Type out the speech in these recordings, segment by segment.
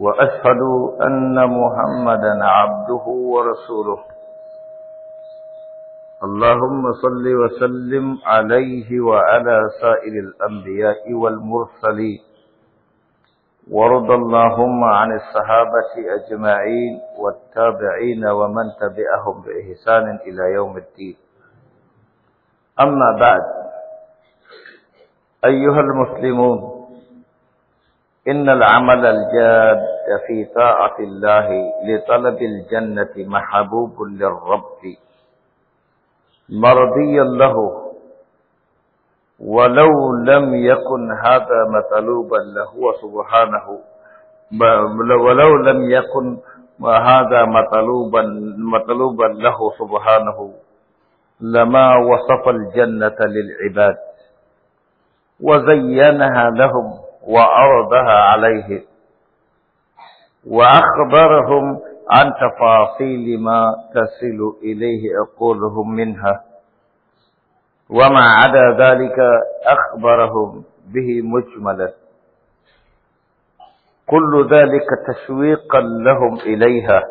وأشهد أن محمدا عبده ورسوله اللهم صل وسلم عليه وعلى سائر الأنبياء والمرسلين ورد اللهم عن الصحابة أجمعين والتابعين ومن تبعهم بإحسان إلى يوم الدين أما بعد أيها المسلمون إن العمل الجاد في طاعة الله لطلب الجنة محبوب للرب مرضيا له ولو لم يكن هذا مطلوبا له سبحانه ولو لم يكن هذا مطلوبا مطلوبا له سبحانه لما وصف الجنة للعباد وزينها لهم وعرضها عليه وأخبرهم عن تفاصيل ما تصل إليه عقولهم منها وما عدا ذلك أخبرهم به مجملا كل ذلك تشويقا لهم إليها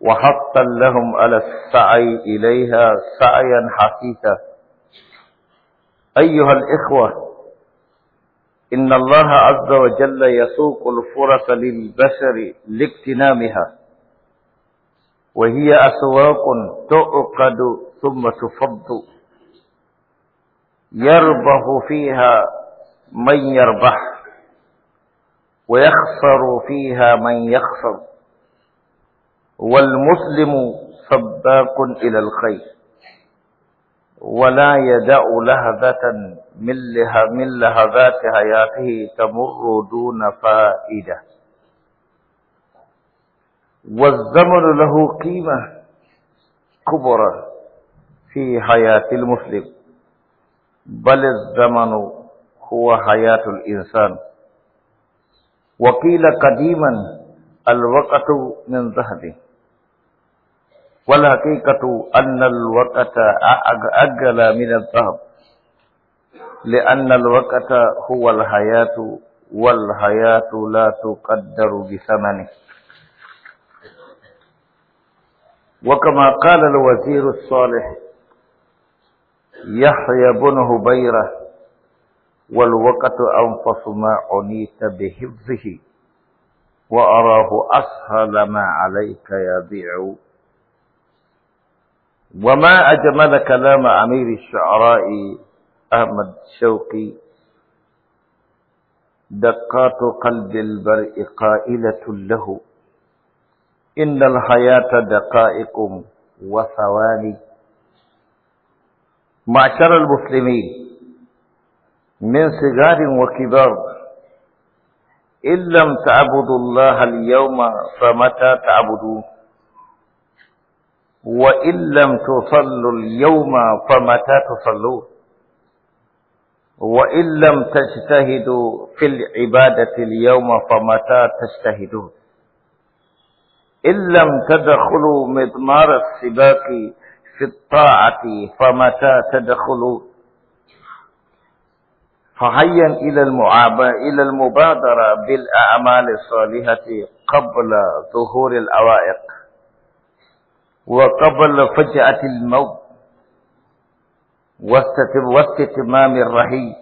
وحطا لهم على السعي إليها سعيا حقيقة أيها الإخوة إن الله عز وجل يسوق الفرص للبشر لاغتنامها وهي أسواق تعقد ثم تفض يربح فيها من يربح ويخسر فيها من يخسر والمسلم سباق إلى الخير ولا يدع لهبة من, من لهبات حياته تمر دون فائدة والزمن له قيمة كبرى في حياة المسلم بل الزمن هو حياة الإنسان وقيل قديما الوقت من ذهبه والحقيقة أن الوقت أجل من الذهب لأن الوقت هو الحياة والحياة لا تقدر بثمنه وكما قال الوزير الصالح يحيى بن هبيرة والوقت أنفس ما عنيت بحفظه وأراه أسهل ما عليك يبيع وما أجمل كلام أمير الشعراء أحمد شوقي دقات قلب البرء قائلة له إن الحياة دقائق وثواني معشر المسلمين من صغار وكبار إن لم تعبدوا الله اليوم فمتى تعبدوه وإن لم تصلوا اليوم فمتى تصلون وإن لم تجتهدوا في العبادة اليوم فمتى تجتهدون إن لم تدخلوا مضمار السباق في الطاعة فمتى تدخلون فهيا إلى إلى المبادرة بالأعمال الصالحة قبل ظهور الأوائق وقبل فجأة الموت واستتمام الرحيل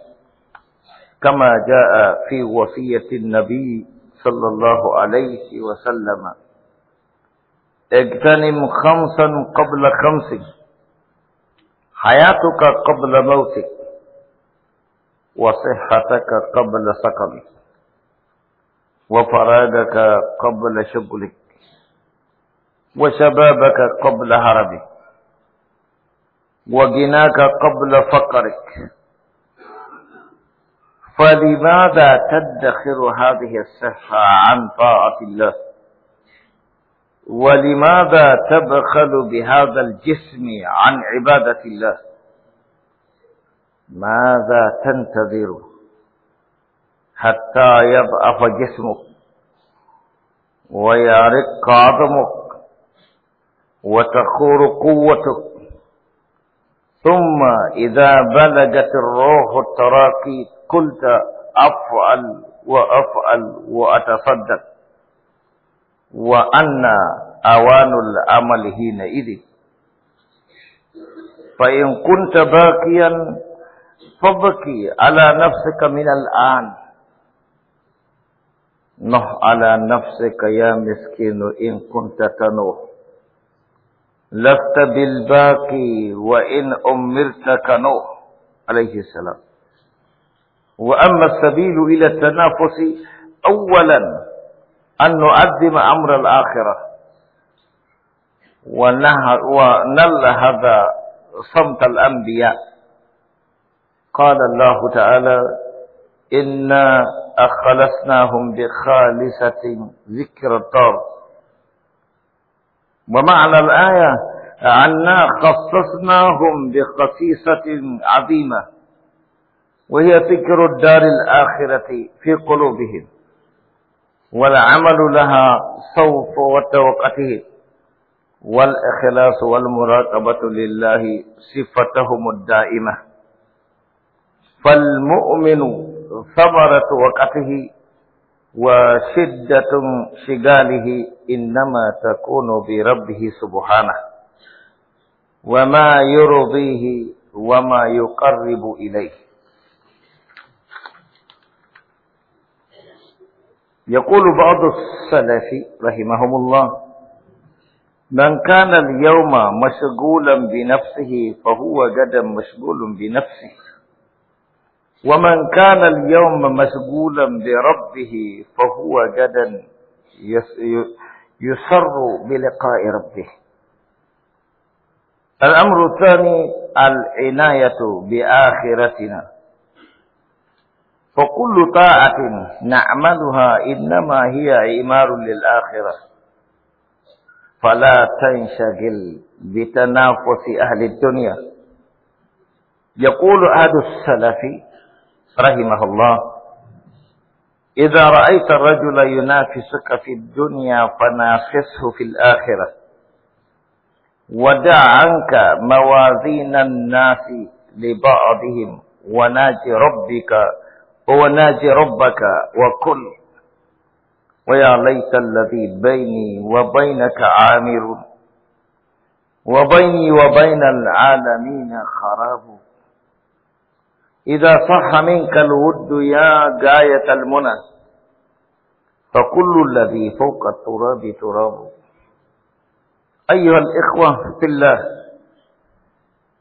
كما جاء في وصية النبي صلى الله عليه وسلم اغتنم خمسا قبل خمس حياتك قبل موتك وصحتك قبل سقمك وفراغك قبل شغلك وشبابك قبل هربك وغناك قبل فقرك فلماذا تدخر هذه الصحة عن طاعة الله ولماذا تبخل بهذا الجسم عن عبادة الله ماذا تنتظر حتى يضعف جسمك ويرق عظمك وتخور قوتك ثم إذا بلغت الروح التراقي قلت أفعل وأفعل وأتصدق وأن أوان الأمل حينئذ فإن كنت باكيا فابكي على نفسك من الآن نح على نفسك يا مسكين إن كنت تنوح لست بالباقي وإن أمرت كنوح عليه السلام وأما السبيل إلى التنافس أولا أن نؤذم أمر الآخرة هذا صمت الأنبياء قال الله تعالى إنا أخلصناهم بخالصة ذكر الدار ومعنى الآية عنا خصصناهم بخصيصة عظيمة وهي فكر الدار الآخرة في قلوبهم والعمل لها صوف وتوقته والإخلاص والمراقبة لله صفتهم الدائمة فالمؤمن ثمرة وقته وشدة شغاله إنما تكون بربه سبحانه وما يرضيه وما يقرب إليه يقول بعض السلف رحمهم الله من كان اليوم مشغولا بنفسه فهو غدا مشغول بنفسه ومن كان اليوم مشغولا بربه فهو غدا يسر بلقاء ربه الأمر الثاني العناية بآخرتنا فكل طاعة نعملها إنما هي عمار للآخرة فلا تنشغل بتنافس أهل الدنيا يقول أهل السلف رحمه الله إذا رأيت الرجل ينافسك في الدنيا فناقصه في الآخرة ودع عنك موازين الناس لبعضهم وناجي ربك وناجي ربك وكل ويا ليت الذي بيني وبينك عامر وبيني وبين العالمين خراب إذا صح منك الود يا غاية المنى فكل الذي فوق التراب تراب أيها الإخوة في الله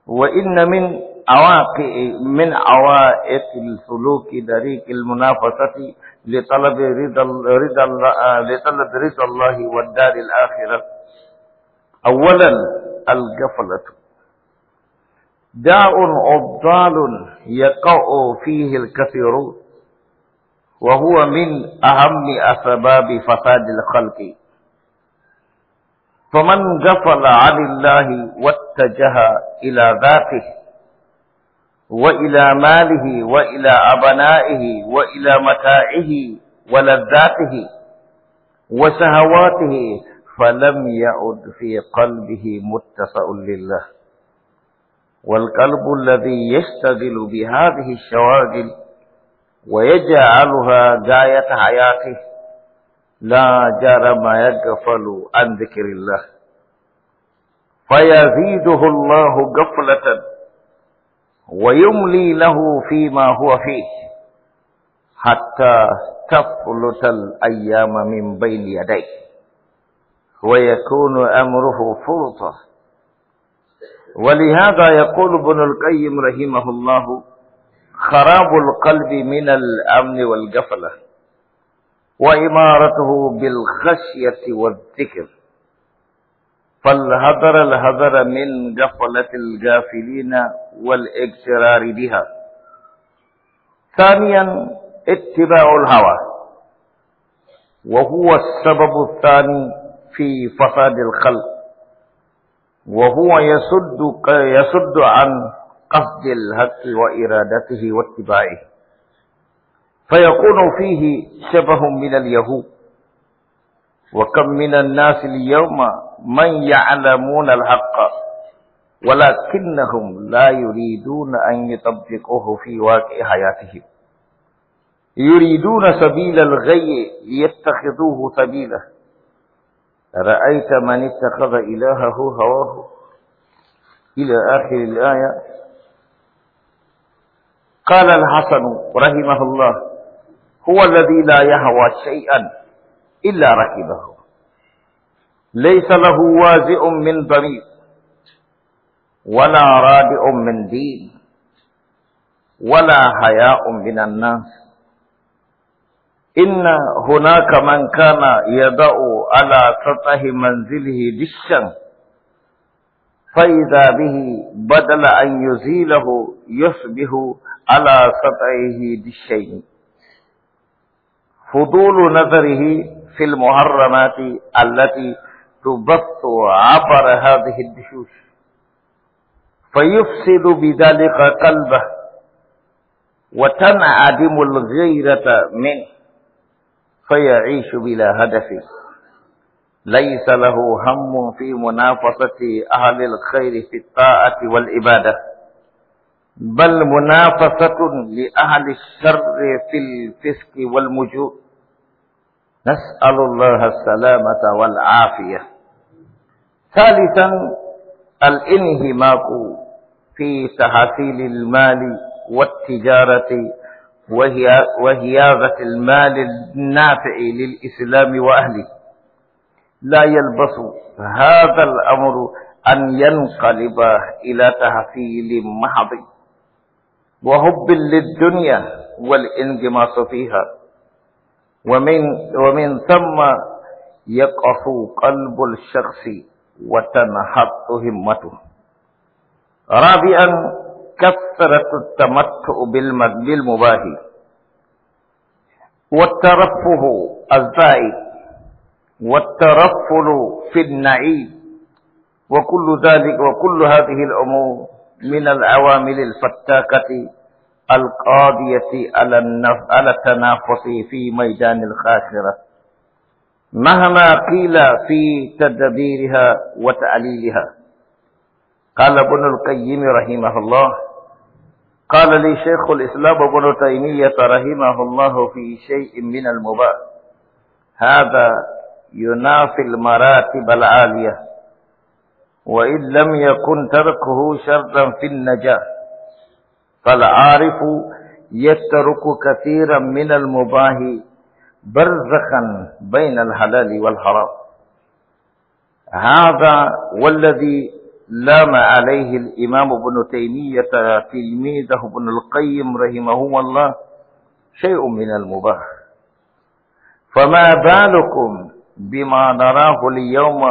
وإن من عوائق من عوائق السلوك دريك المنافسة لطلب رضا رضا لطلب رضا الله والدار الآخرة أولا الغفلة داء عضال يقع فيه الكثيرون وهو من أهم أسباب فساد الخلق فمن غفل عن الله واتجه إلى ذاته وإلى ماله وإلى أبنائه وإلى متاعه ولذاته وشهواته فلم يعد في قلبه متسع لله والقلب الذي يشتغل بهذه الشواغل ويجعلها غاية حياته لا جرم يغفل عن ذكر الله فيزيده الله غفلة ويملي له فيما هو فيه حتى تفلت الأيام من بين يديه ويكون أمره فرطة ولهذا يقول ابن القيم رحمه الله خراب القلب من الأمن والقفلة وإمارته بالخشية والذكر فالهدر الهدر من قفلة الغافلين والإكسرار بها ثانيا اتباع الهوى وهو السبب الثاني في فساد الخلق وهو يسد يسد عن قصد الحق وإرادته واتباعه فيكون فيه شبه من اليهود وكم من الناس اليوم من يعلمون الحق ولكنهم لا يريدون أن يطبقوه في واقع حياتهم يريدون سبيل الغي ليتخذوه سبيله رأيت من اتخذ إلهه هواه إلى آخر الآية قال الحسن رحمه الله هو الذي لا يهوى شيئا إلا ركبه ليس له وازع من ضمير ولا رادع من دين ولا حياء من الناس إن هناك من كان يضع على سطح منزله دشا فإذا به بدل أن يزيله يصبح على سطحه دشين فضول نظره في المحرمات التي تبط عبر هذه الدشوش فيفسد بذلك قلبه وتنعدم الغيرة منه فيعيش بلا هدف ليس له هم في منافسة أهل الخير في الطاعة والعبادة بل منافسة لأهل الشر في الفسق والمجوء نسأل الله السلامة والعافية ثالثا الانهماك في تحصيل المال والتجارة وهي وهياغة المال النافع للإسلام وأهله لا يلبث هذا الأمر أن ينقلب إلى تحصيل محض وحب للدنيا والانغماس فيها ومن ومن ثم يقف قلب الشخص وتنحط همته رابعا كثرة التمتع المباهي والترفه الزائد والترفل في النعيم وكل ذلك وكل هذه الأمور من العوامل الفتاكة القاضية على على التنافس في ميدان الخاسرة مهما قيل في تدبيرها وتعليلها قال ابن القيم رحمه الله قال لي شيخ الإسلام ابن تيمية رحمه الله في شيء من المباح هذا ينافي المراتب العالية وإن لم يكن تركه شرا في النجاة فالعارف يترك كثيرا من المباح برزخا بين الحلال والحرام هذا والذي لام عليه الإمام ابن تيمية تلميذه ابن القيم رحمه الله شيء من المباح فما بالكم بما نراه اليوم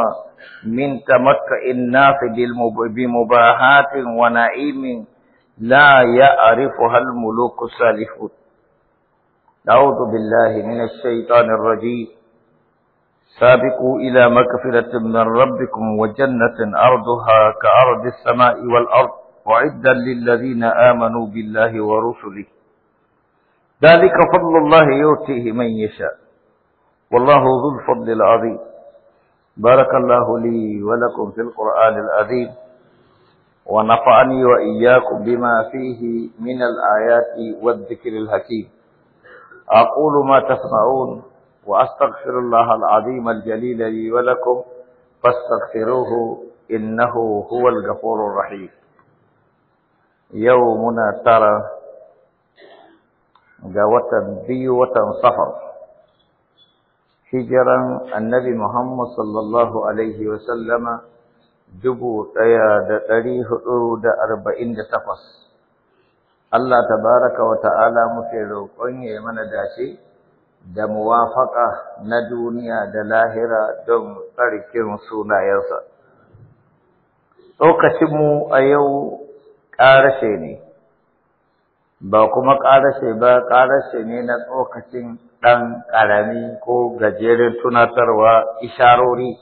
من تمتع الناس بمباحات ونعيم لا يعرفها الملوك السالفون أعوذ بالله من الشيطان الرجيم سابقوا إلى مكفرة من ربكم وجنة أرضها كأرض السماء والأرض وعدا للذين آمنوا بالله ورسله ذلك فضل الله يؤتيه من يشاء والله ذو الفضل العظيم بارك الله لي ولكم في القرآن العظيم ونفعني وإياكم بما فيه من الآيات والذكر الحكيم أقول ما تسمعون وأستغفر الله العظيم الجليل لي ولكم فاستغفروه إنه هو الغفور الرحيم يومنا ترى جوة بيوة صفر هجرا النبي محمد صلى الله عليه وسلم جبو تياد تريه أرود أربعين تفص الله تبارك وتعالى ta'ala قنية من داشي da muwafaƙa na duniya da lahira don tsarkin sunayensa. Tsokacinmu a yau ƙarashe ne, ba kuma ƙarashe ba ƙarashe ne na tsokacin ɗan ƙarami ko gajeren tunatarwa isharori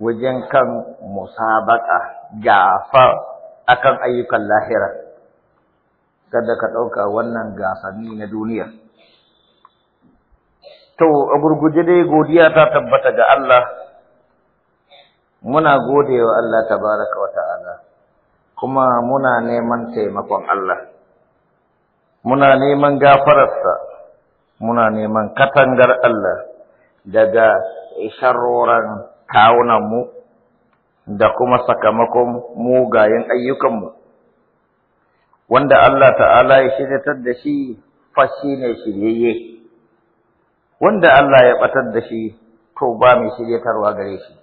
wajen kan musabaka gafa akan ayyukan lahira. Kada ka ɗauka wannan gasanni na duniya. To, a gurguje dai godiya ta tabbata ga Allah, muna gode wa Allah tabaraka wa ta'ala, kuma muna neman taimakon Allah, muna neman gafararsa, muna neman katangar Allah daga sharroran mu, da kuma sakamakon mugayen ayyukanmu, wanda Allah ta'ala ya shiryatar da shi fashi ne shiryayye. wanda Allah ya batar da shi to ba mai shiryatarwa gare shi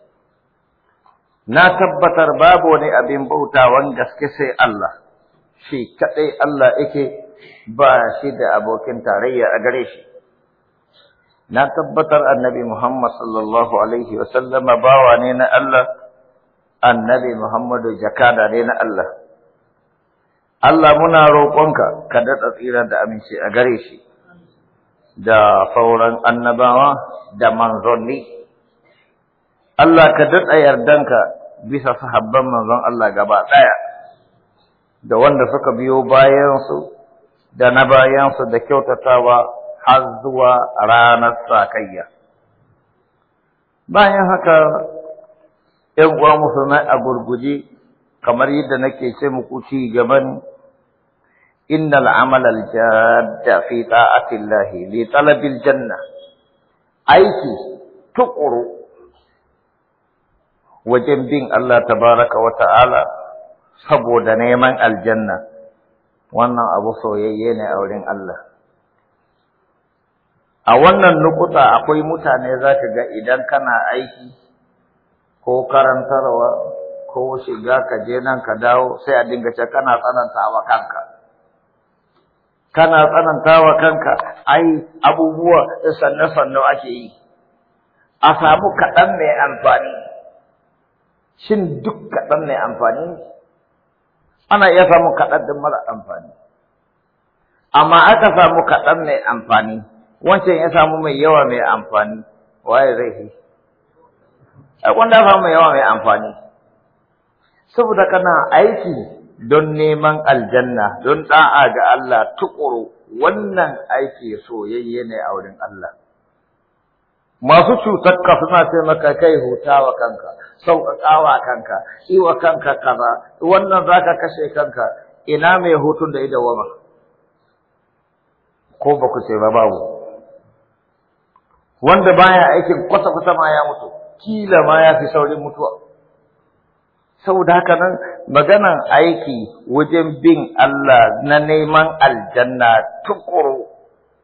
na tabbatar babu wani abin bautawan gaske sai Allah shi kadai Allah yake ba shi da abokin tarayya a gare shi na tabbatar annabi Muhammad sallallahu alaihi wa sallama bawa ne na Allah annabi Muhammadu jakada ne na Allah Allah muna roƙonka ka daɗa tsira da aminci a gare shi da sauran annabawa da manzonni Allah ka yardan ka bisa sahabban manzon Allah gaba ɗaya da wanda suka biyo bayansu da na bayansu da kyautatawa har zuwa ranar sakayya bayan haka ‘yan uwa musulmai a gurguje kamar yadda nake ce muku ci gaban innal amalal jadda fi ta'atillahi li talabil janna aiki tuqru wajen bin Allah tabaraka wa ta'ala saboda neman aljanna wannan abu soyayye ne a wurin Allah a wannan nukuta akwai mutane za ka ga idan kana aiki ko karantarwa ko shiga ka je nan ka dawo sai a dinga ce kana tsananta wa kanka kana tsananta wa kanka ai abubuwa sanne-sanne ake yi a samu kaɗan mai amfani shin duk kaɗan mai amfani ana iya samu kaɗan din mara amfani amma aka samu kaɗan mai amfani wancan ya samu mai yawa mai amfani waye zai yi a wanda ya samu mai yawa mai amfani saboda kana aiki don neman aljanna don da'a ga Allah tukuru wannan aiki soyayye ne a wurin Allah masu cutar ka suna ce maka kai hutawa kanka sauƙaƙawa kanka iwa kanka kaza wannan zaka kashe kanka ina mai hutun da ida wama ko ba ku ce ba babu wanda baya aikin kwata-kwata ma ya mutu kila ma ya fi saurin mutuwa saboda haka nan maganan aiki wajen bin Allah na neman aljanna tukuru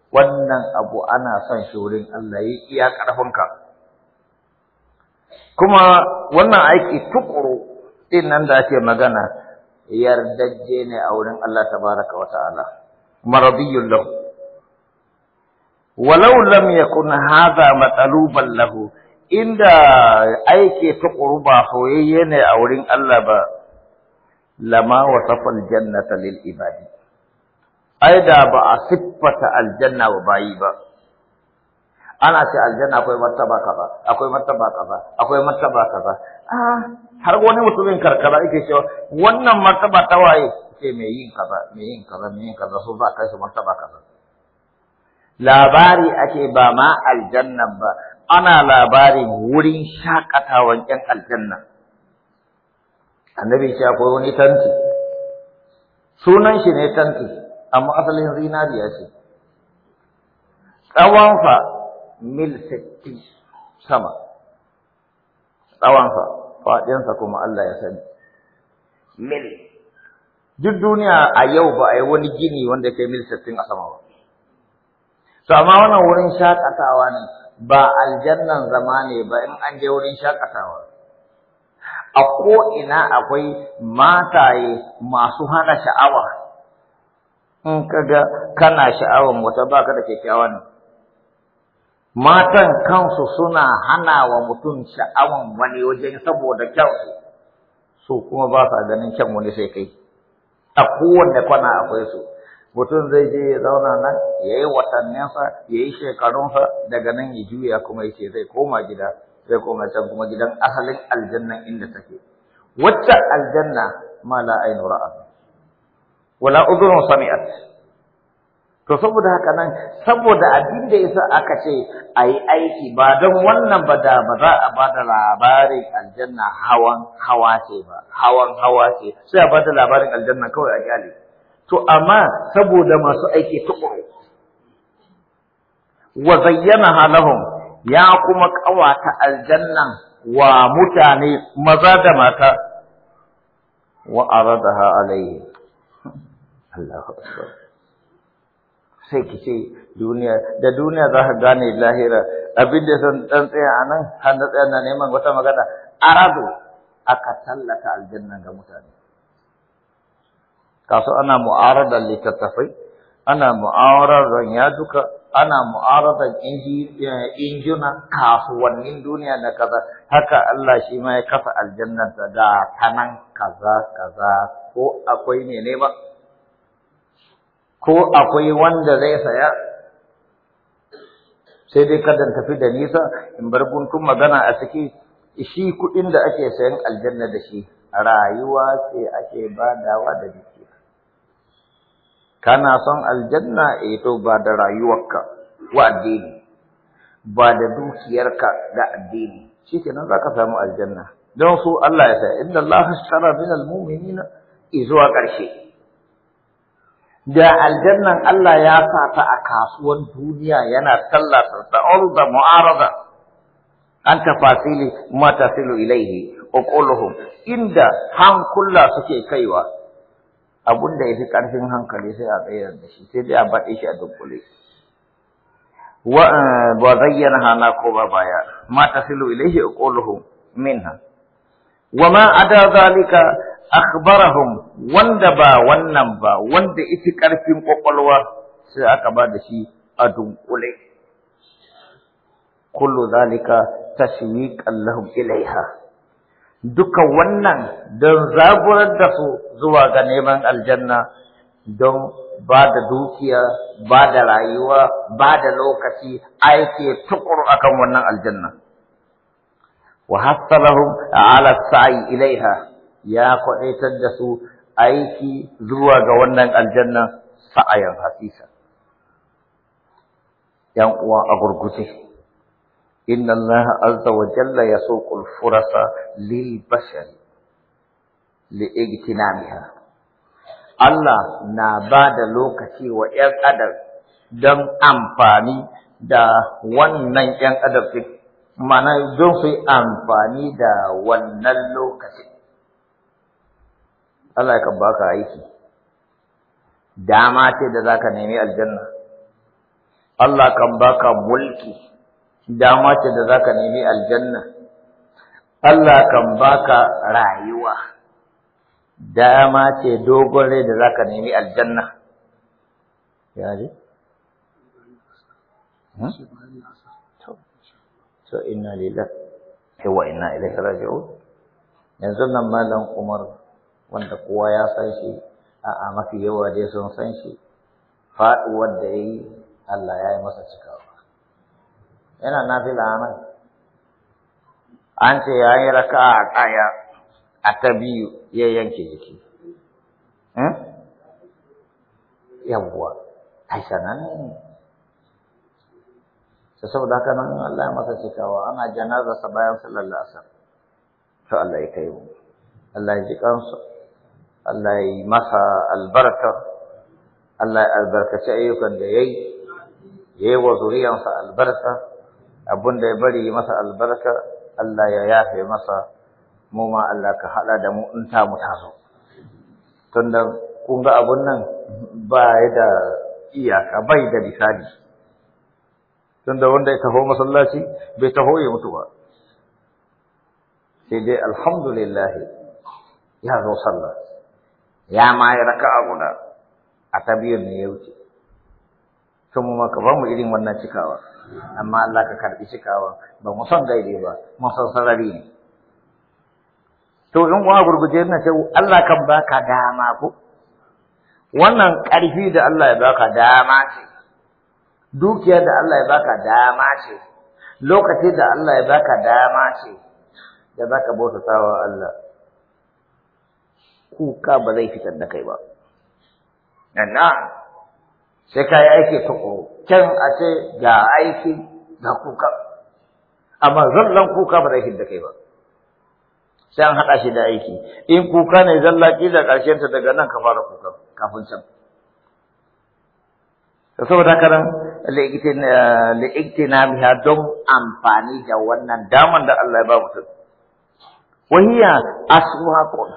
wannan abu ana son shi wurin Allah yi iya ƙarfinka kuma wannan aiki tukuru din nan da ake magana yardajje ne a wurin Allah tabaraka wa ta'ala maradiyyun lahu walau lam yakun hadha mataluban lahu inda aiki ta ba soyayye ne a wurin Allah ba lama wasafa janna lil ibadi ai da ba a siffata aljanna wa bayi ba ana ce aljanna akwai martaba kaza akwai martaba kaza akwai martaba kaza ah har wani mutumin karkara yake cewa wannan martaba ta waye ce mai yin kaza mai yin kaza mai yin kaza so za kai su martaba kaza labari ake ba ma aljannan ba ana labarin wurin shakatawan ƴan aljanna annabi ce akwai wani tanti sunan shi ne tanti amma asalin zinariya ce tsawonsa mil sittin sama tsawonsa faɗinsa kuma Allah ya sani mil duk duniya a yau ba a yi wani gini wanda kai mil sittin a sama ba to amma wannan wurin shakatawa ne ba aljannan zama ne ba in an je wurin shakatawa a ko ina akwai mataye masu hana sha'awa in ka ga kana sha'awan wata baka da kyakkyawa ne matan kansu suna hana wa mutum sha'awan wani wajen saboda kyansu su kuma ba sa ganin kyan wani sai kai a kowanne kwana akwai su mutum zai je ya zauna nan ya yi watanninsa ya yi shekarunsa daga nan ya juya kuma ya ce zai koma gida zai koma can kuma gidan asalin aljannan inda take wacce aljanna ma la ainu ra'a wala udhun sami'at to saboda haka nan saboda abin da yasa aka ce ayi aiki ba don wannan ba da ba za a bada labarin aljanna hawan hawa ce ba hawan hawa ce sai a bada labarin aljanna kawai a kyale to amma saboda masu aiki tukuru wa zayyana halahum ya kuma ƙawata aljannan wa mutane maza da mata wa aradaha alaihi Allahu akbar sai ki duniya da duniya za ka gane lahira abin da san dan tsaya anan har na tsaya na neman wata magana aradu aka tallata aljanna ga mutane kasu ana mu'aradar littattafai ana ya duka? ana inji eh, injuna kasuwannin duniya da kaza haka Allah shi ma ya kafa aljannata da tanan kaza kaza ko akwai ne ba ko akwai wanda zai saya sai dai kada tafi da nisa in bar gunkun magana a ciki shi kuɗin da ake sayan aljanna da shi rayuwa ce ake badawa da shi kana son aljanna eh to ba da rayuwarka wa addini ba da dukiyarka da addini shikenan zaka samu aljanna don su Allah ya sa inna Allah ashtara min almu'minina izuwa ƙarshe da aljannan Allah ya sa ta a kasuwan duniya yana tallata ta urda mu'arada an tafasili ma tasilu ilaihi uquluhum inda hankula suke kaiwa abun da ya fi ƙarfin hankali sai a tsayar da shi sai dai a baɗe shi a dunkule wa eh, zayyana hana ko ba baya ma tasilu ilaihi qawluhu minha wa ma ada zalika akhbarahum wanda ba wannan ba wanda ita ƙarfin ƙwaƙwalwa sai aka ba da shi a dunkule kullu zalika tashwiqan lahum ilaiha duka wannan don zaburar da su zuwa ga neman aljanna don ba da dukiya ba da rayuwa ba da lokaci aiki tukuru akan wannan aljanna wa hassalahum ala sa'i ilaiha ya kwadaitar da su aiki zuwa ga wannan aljanna sa'ayan hasisa yan uwa a gurguje إن الله عز وجل يسوق الفرص للبشر لاجتنامها Allah na ba da lokaci wa ‘yan adam don amfani da wannan ‘yan adam mana don su yi amfani da wannan lokaci. Allah kan baka aiki, dama ce da za ka nemi aljanna, Allah kan baka mulki. dama ce da zaka nemi aljanna Allah kan baka rayuwa dama ce dogon rai da zaka nemi aljanna ya ji so hmm? inna lillahi wa inna ilaihi raji'un yanzu nan malam Umar wanda kowa ya san shi a'a mafi yawa dai sun san shi faɗuwar da yayi Allah ya yi masa cikawa yana nafila nan an ce ya yi raka a ɗaya a ta biyu ya yanke jiki yawwa ai sananne ne sai saboda haka nan Allah ya masa cikawa ana janazarsa bayan sallar asar to Allah ya kai mu Allah ya ji kansa Allah ya yi masa albarka Allah ya albarkaci ayyukan da yayi yayi wa zuriyansa albarka Abin da ya bari masa albarka Allah ya yafe masa mu ma Allah ka hada da mu in ta mu taso tunda kun ga abun nan ba ya da iyaka bai da misali tunda wanda ya taho masallaci bai taho ya mutu ba sai dai alhamdulillah ya zo sallah ya ma ya raka'a guda a tabiyar ne ya wuce sun mu maka ba mu irin wannan cikawa amma Allah ka karbi cikawa ba mu san gaide ba Mu san sarari ne to in uwa gurguje na ce Allah kan baka dama ko wannan ƙarfi da Allah ya baka dama ce Dukiya da Allah ya baka dama ce lokaci da Allah ya baka dama ce da baka bautatawa Allah kuka ba zai fitar da kai ba na'am sai ka yi aiki tukuru can a ce ga aiki ga kuka amma zallan kuka ba zai da kai ba sai an haɗa shi da aiki in kuka ne zalla ƙila ta daga nan ka fara kuka kafin can saboda haka nan eh, li'iktina biha don amfani da wannan daman da Allah ya ba mutum wahiya aswaqun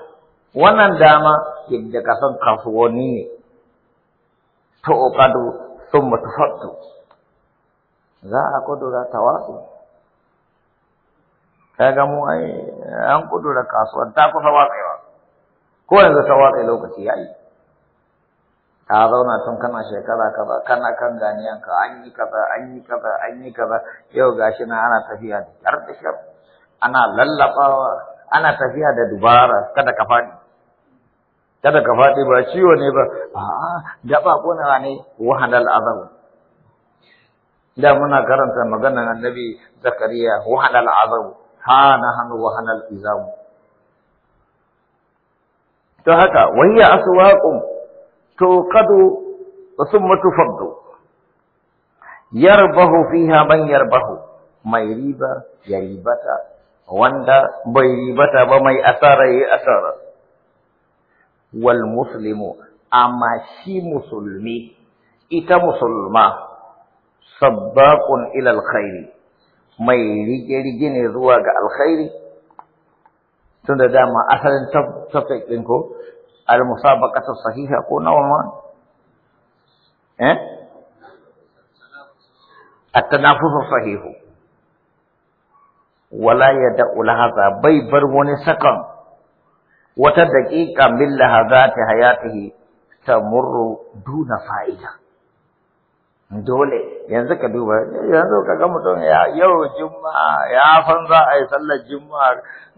wannan dama yadda ka san kasuwanni ne تعقد ثم تفض za a kudura tawasu kaga mu ai an kudura kasuwar ta kusa watsewa ko yanzu ta watsa lokaci yayi ka zauna tun kana shekara kaza kana kan ganiyan ka an yi kaza an yi kaza an yi kaza yau gashi na ana tafiya da kyar da ana lallabawa ana tafiya da dubara kada ka fadi kada ka faɗi ba ciwo ne ba a'a gaba kuna ne Wahalal azab da muna karanta maganar annabi zakariya wahanal azab hana hanu wahalal izam to haka wayya aswaqum to qadu thumma tufaddu yarbahu fiha man yarbahu mai riba ya ribata wanda bai ribata ba mai asara ya asara والمسلم أما شي مسلمي ايتا مسلمة صباق إلى الخير ما يريجي رجين رواق الخير تند داما أثر تفتك لنكو المسابقة الصحيحة قونا وما أه؟ التنافس الصحيح ولا يدعو لهذا بي برغوني سكن wata daƙiƙa min lahazati hayatihi tamurru duna fa'ida dole yanzu ka duba yanzu ka ga mutum ya yau juma'a ya san za a yi sallar juma'a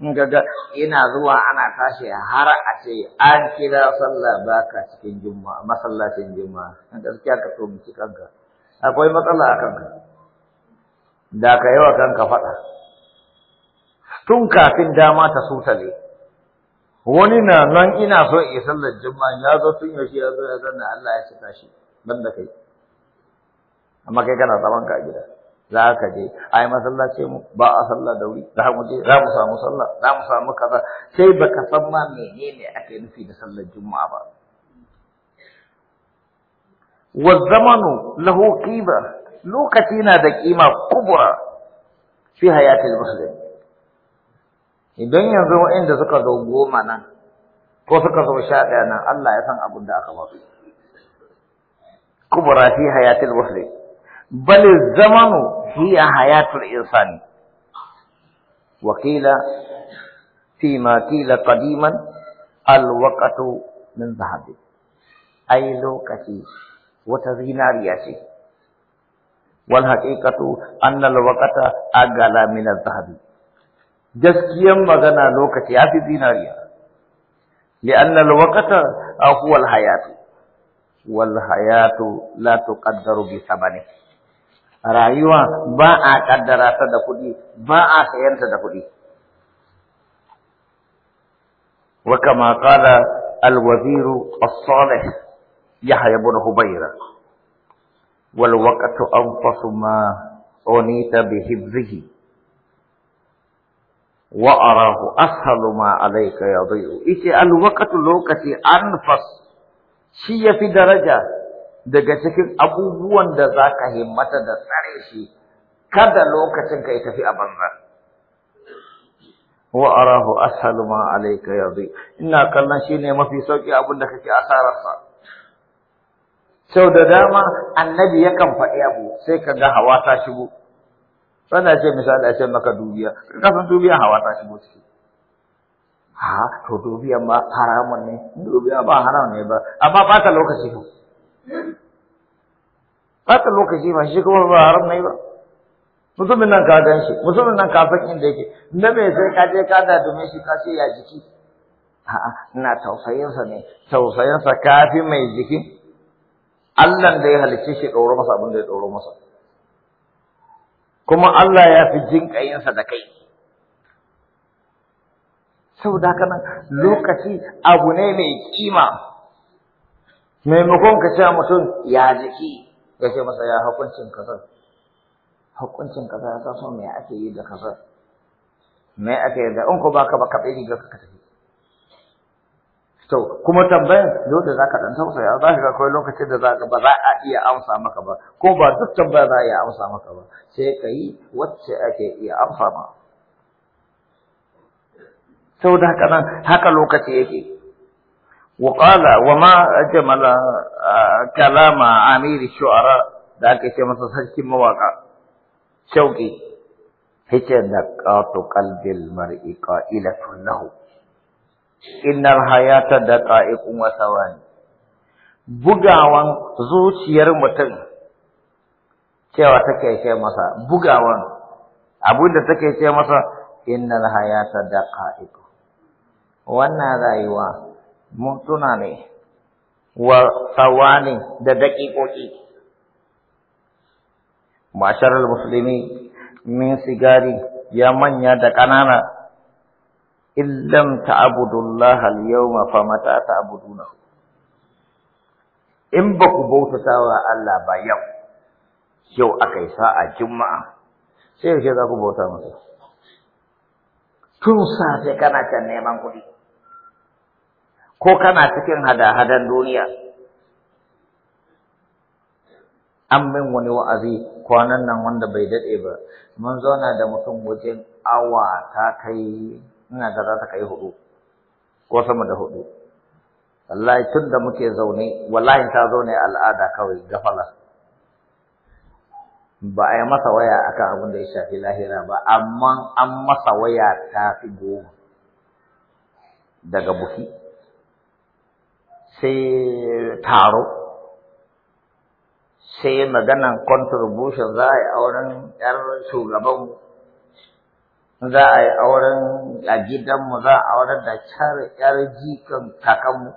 in ga ga ina zuwa ana tashi har a ce an kira sallah baka cikin juma'a masallacin juma'a gaskiya ka so miki kanka akwai matsala a kanka da ka yawa kanka faɗa tun kafin dama ta sutale wani na nan ina so in sallar juma'a ya zo tun yaushe ya zo ya zanna Allah ya saka shi ban da kai amma kai kana zaman ka gida za ka je ai masallaci mu ba a sallah da wuri za mu je za mu samu sallah za mu samu kaza sai baka san ma menene ake nufi da sallar juma'a ba wa zamanu lahu qiba lokaci na da kima kubra fi hayatil muslim Idan yanzu waɗanda suka zo goma nan, ko suka zo sha ɗaya nan, Allah ya san abin da aka ba su. Kubura fi hayatul wahli. Bal zamanu hiya hayatul insani. Wakila fi ma kila qadiman al waqtu min zahabi. Ai lokaci wata zinariya ce. Wal haqiqatu anna al waqta agala min al zahabi. جسيم magana lokaci ya fi لأن الوقت هو الحياة والحياة لا تقدر بثمنه رأيوا باع قدر تدخلي باع سين تدخلي وكما قال الوزير الصالح يحيى بن حبيرة والوقت أنفس ما أنيت بحفظه wa arahu ashalu ma alayka yadhi'u ite waqtu lokaci anfas shi yafi daraja daga cikin abubuwan da zaka himmata da tsare shi kada lokacin kai tafi a banza wa arahu ashalu ma alayka yadhi'u ina kallon shine mafi sauki abin da kake asararsa sau da dama annabi yakan faɗi abu sai ka ga hawa ta shigo Sana ce misali a ce maka dubiya, kasan dubiya hawa ta shigo ciki. Ha, to dubiya ma haramun ne, dubiya ba haram ne ba, amma ba ta lokaci ba. Ba ta lokaci ba, shi kuma ba haram ne ba. Mutumin nan ka gan shi, mutumin nan ka san inda yake, na me sai ka je ka da dume shi ka ce ya jiki. A'a, ina tausayinsa ne, tausayinsa kafi mai jiki. Allah da ya halicce shi ɗoro masa abin da ya ɗoro masa. kuma Allah ya fi ƙayinsa da kai da haka nan lokaci abu ne mai kima maimakon ka ce mutum ya jiki ya ce masa ya hukuncin kasar hukuncin kasar ya san so me ake yi da kasar me ake yi da in ko baka ba ka bai ga ka tafi to kuma tambayar dole zaka dan tausaya za ka ga kai lokacin da zaka ba za a iya amsa maka ba ko ba duk tambaya za a iya amsa maka ba sai kai wacce ake iya amsa ma saboda haka nan haka lokaci yake wa qala wa ma ajmala kalama da ake ce masa sarkin mawaka shauki yace da qatu qalbil mar'i qa'ilatun lahu innal hayata daqa'iqun wa ne. bugawan zuciyar mutum cewa take ce masa bugawan abinda take ce masa innal hayata daqa'iq wannan rayuwa mutuna ne wa ne da daƙiƙoƙi Masharar musulmi min sigari ya manya da ƙanana illam ta'budullaha al-yawma famata ta'budunahu in ba ku bautata wa Allah ba yau yau akai sa'a juma'a sai yaushe za ku bauta masa tun safe kana can neman kuɗi ko kana cikin hada-hadan duniya an min wani wa'azi kwanan nan wanda bai daɗe ba mun zauna da mutum wajen awa ta kai ina ga za ta kai hudu ko sama da hudu wallahi tun da muke zaune wallahi ta zaune al'ada kawai gafala ba a yi masa waya akan abin da ya shafi lahira ba amma an masa waya ta fi goma daga buki sai taro sai maganan contribution za a yi auren ‘yar shugabanmu za a yi auren a gidanmu za a auren da car yar jikan kakanmu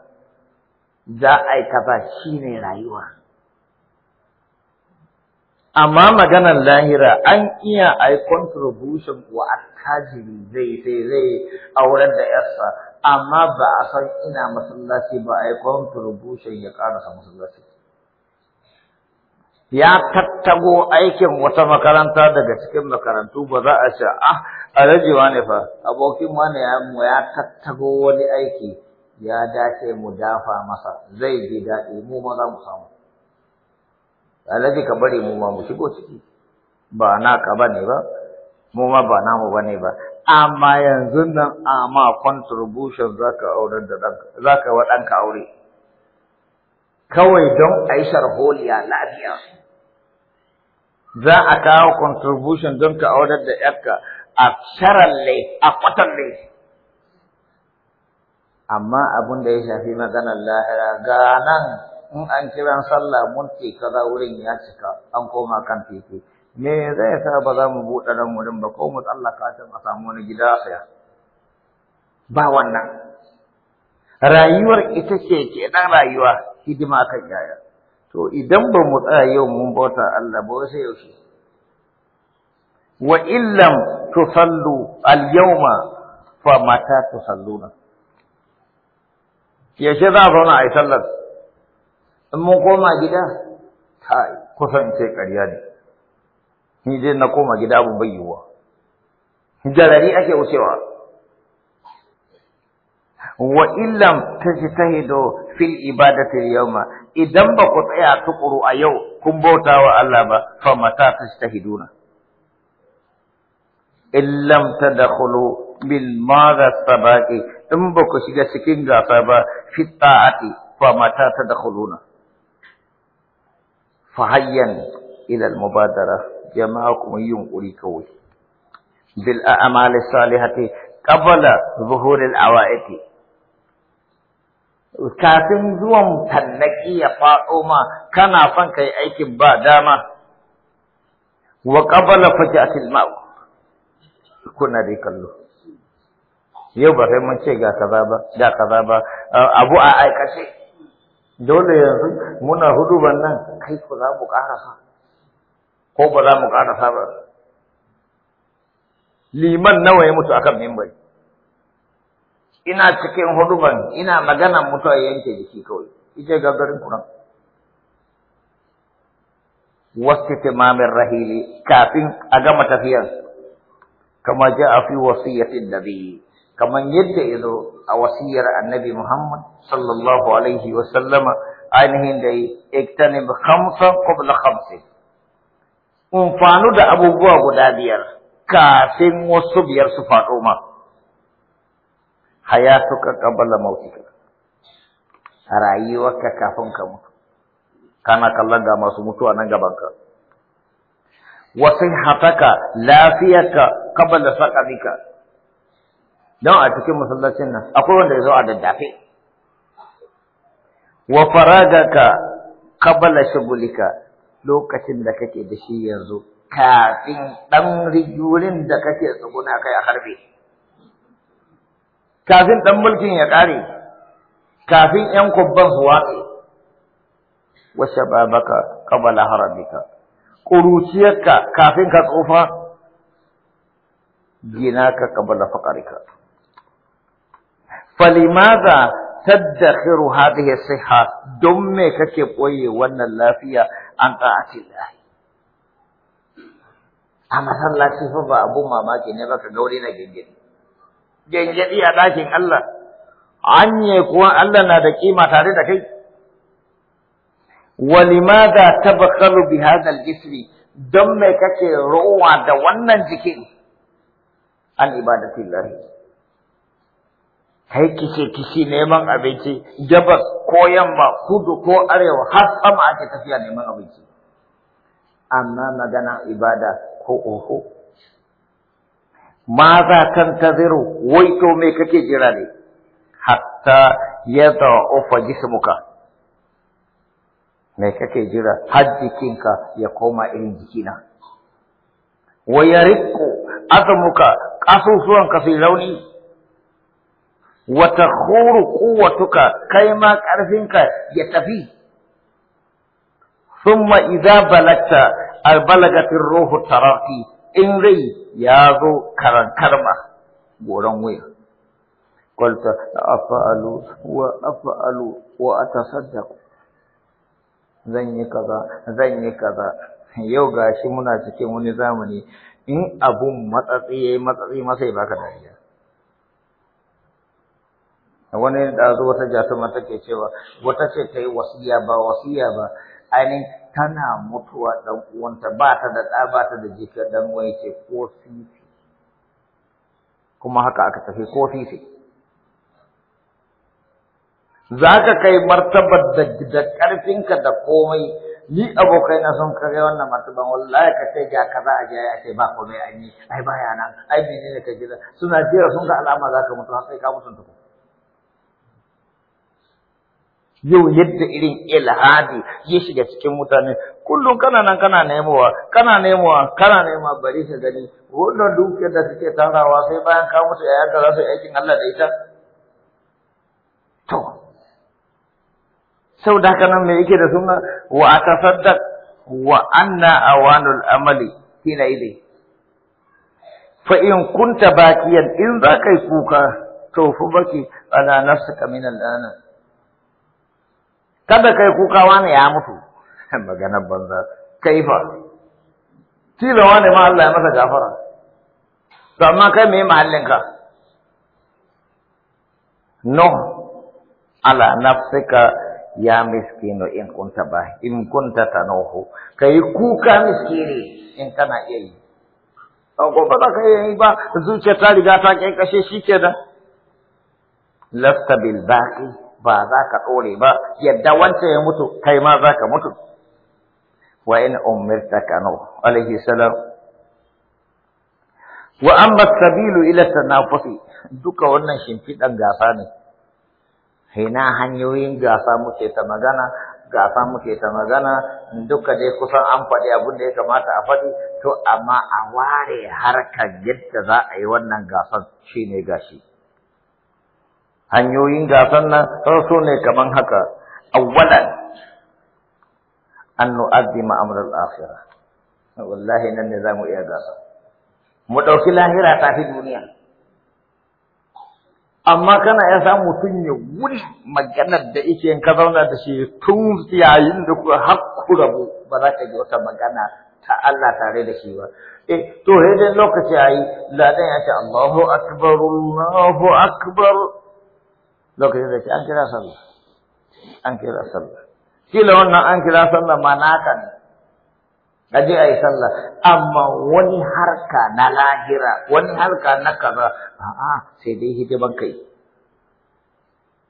za a yi kafa shi ne rayuwa amma maganar lahira an iya a yi contribution wa attajiri zai sai zai auren da yarsa amma ba a san ina masallaci ba a yi contribution ya ƙarasa masallaci ya tattago aikin wata makaranta daga cikin makarantu ba za a ce ah alajiwa ne fa abokin wani ya mu ya tattago wani aiki ya dace mu dafa masa zai ji daɗi mu ma za mu samu alaji ka bari mu ma mu shigo ciki ba na ka ba ne ba mu ma ba namu ba ne ba amma yanzu nan amma contribution ka aurar da ɗanka ka wa ɗanka aure kawai don a yi sharholiya lafiya za a kawo contribution don ka aurar da ƴarka a sharalle a kwatalle amma abin da ya shafi maganar lahira ga nan in an kiran sallah mun ce kaza wurin ya cika an koma kan titi me zai sa ba za mu buɗe nan wurin ba ko mu tsallaka can a samu wani gida a saya ba wannan rayuwar ita ce ke ɗan rayuwa hidima kan yaya To idan ba mu tsaya yau mun bauta Allah ba sai yaushe. Wa illam tusallu al-yawma fa mata tusalluna. Yaushe za a zauna a yi sallar? In mun koma gida, ta kusan ce ƙarya ne. Ni dai na koma gida abu bai yiwuwa. Jarari ake wucewa. وإن لم تجتهدوا في الإبادة اليوم إذا بقطع تقروا أيو كم بوتا وألابا فمتى تجتهدون إن لم تدخلوا ماذا السباك إن بقوا شجا سكين غافبا في الطاعة فمتى تدخلون فهيا إلى المبادرة جماعكم ينقلي كوي بالأعمال الصالحة قبل ظهور العوائد kafin zuwan tannaki ya faɗo ma kana son kai aikin ba dama wa qabala fajatil ma kuna dai kallo yau ba sai mun ce ga kaza ba ga kaza ba abu a aikace dole yanzu muna hudu ban nan kai ko za mu karasa ko ba za mu karasa ba liman nawa ya mutu akan mimbari ina cikin huduban ina magana mutuwa yanke jiki kawai ije ga garin kuran wasu timamin rahili kafin a gama tafiyar kama ja a fi wasiyyatin da biyu kamar yadda ya a wasiyar annabi Muhammad sallallahu alaihi wa sallama ainihin da hamsa ko qabla hamsin. umfanu da abubuwa guda biyar kafin wasu biyar su faɗo ma hayatuka qabla mautika rayuwarka kafin ka mutu kana kallon ga masu mutuwa nan gaban ka wa sihhataka lafiyarka qabla saqamika don a cikin masallacin nan akwai wanda ya zo a daddafe wa faragaka qabla shugulika lokacin da kake da shi yanzu kafin dan rijulin da kake tsuguna kai a harbe kafin dan mulkin ya kare kafin ‘yan kubban su watsi wa shababaka qabala haramika ƙuruciyarka kafin ka tsofa gina ka faqarika faƙarika falimaza taddakiru hadhihi siha don me kake koye wannan lafiya an ta'atillah a masallaci fa ba abun mamaki ne ba ka gauri na gingiri Gengedi a dakin Allah, anye kuwa Allah na da kima tare da kai. walima da bakaru bi hadal jisri don mai kake rowa da wannan jikin an ibadatillahi. Kai kishi kishi neman abinci, gabas ko yamma, kudu ko arewa har sama ake tafiya neman abinci. Amma magana ibada ko oho. ma za kan wai to me kake jira ne hatta ya da'ufa jismuka me kake jira har jikinka ya koma irin jikina wa yariqu azmuka kasusuwanka su rauni wa takhuru quwwatuka kai ma ƙarfinka ya tafi thumma idza balagta al ruhu tarati in rai ya zo karantar ma goron wuya. Kwalta afa'alu wa afa'alu wa tasaddaku. zan yi kaza zan yi kaza yau gashi muna cikin wani zamani in abun matsatsi yi matsatsi masai baka dariya wani da zo wata jatuma take cewa wata ce ta yi wasiya ba wasiya ba ainihin tana mutuwa ɗan uwanta ba ta da ɗa ba ta da jika dan wai yake ko fifi kuma haka aka tafi ko fifi za ka kai martabar da da ƙarfinka da komai ni abokai na sun kare wannan martaban wallahi ka ce ga kaza a je a ce ba komai an yi ai baya nan ai ne ka gida suna jira sun ga alama za ka mutu har sai ka mutunta ko yau yadda irin ilhadi ya shiga cikin mutane kullum kana nan kana nemowa kana nemowa kana nema bari ka gani wannan dukiyar da suke tarawa sai bayan ka mutu yayan ka za su aikin Allah da ita to sau da haka nan me yake da suna wa atasaddaq wa anna awanul amali kina idai fa in kunta bakiyan in za kai kuka to fa baki ala nafsika min al'ana kada kai kuka wani ya mutu maganar banza kaifa tila wani ma Allah ya masa gafara to amma kai me ka no ala nafsika ya miskino in kunta ba in kunta tanohu kai kuka miskini in kana iya yi ko ba ka yi ba zuciya ta riga ta kai kashe shi kenan lasta bil baqi ba za ka ɗore ba yadda wancan ya mutu kai ma za ka mutu wa in umirta kano alaihi salam wa amma sabilu ila fasi. duka wannan shimfiɗan gasa ne hina hanyoyin gasa muke ta magana gasa muke ta magana duka dai kusan an faɗi abin da ya kamata a faɗi to amma a ware harkar yadda za a yi wannan gasan shine gashi hanyoyin gasan nan so ne kaman haka awwalan an nu'azzima amral akhirah wallahi nan ne zamu iya gasa mu dauki lahira ta fi duniya amma kana ya samu mutum ya wuri maganar da yake in ka zauna da shi tun yayin da ku har ku rabu ba za ka ji wata magana ta Allah tare da shi ba eh to sai dai lokaci ayi ladan ya ce Allahu akbar Allahu akbar que da ce an kira sallah an kira sallah kila wannan an kira sallah ma naka ne aje a yi sallah amma wani harka na lahira wani harka na kaza a'a sai dai hidiman kai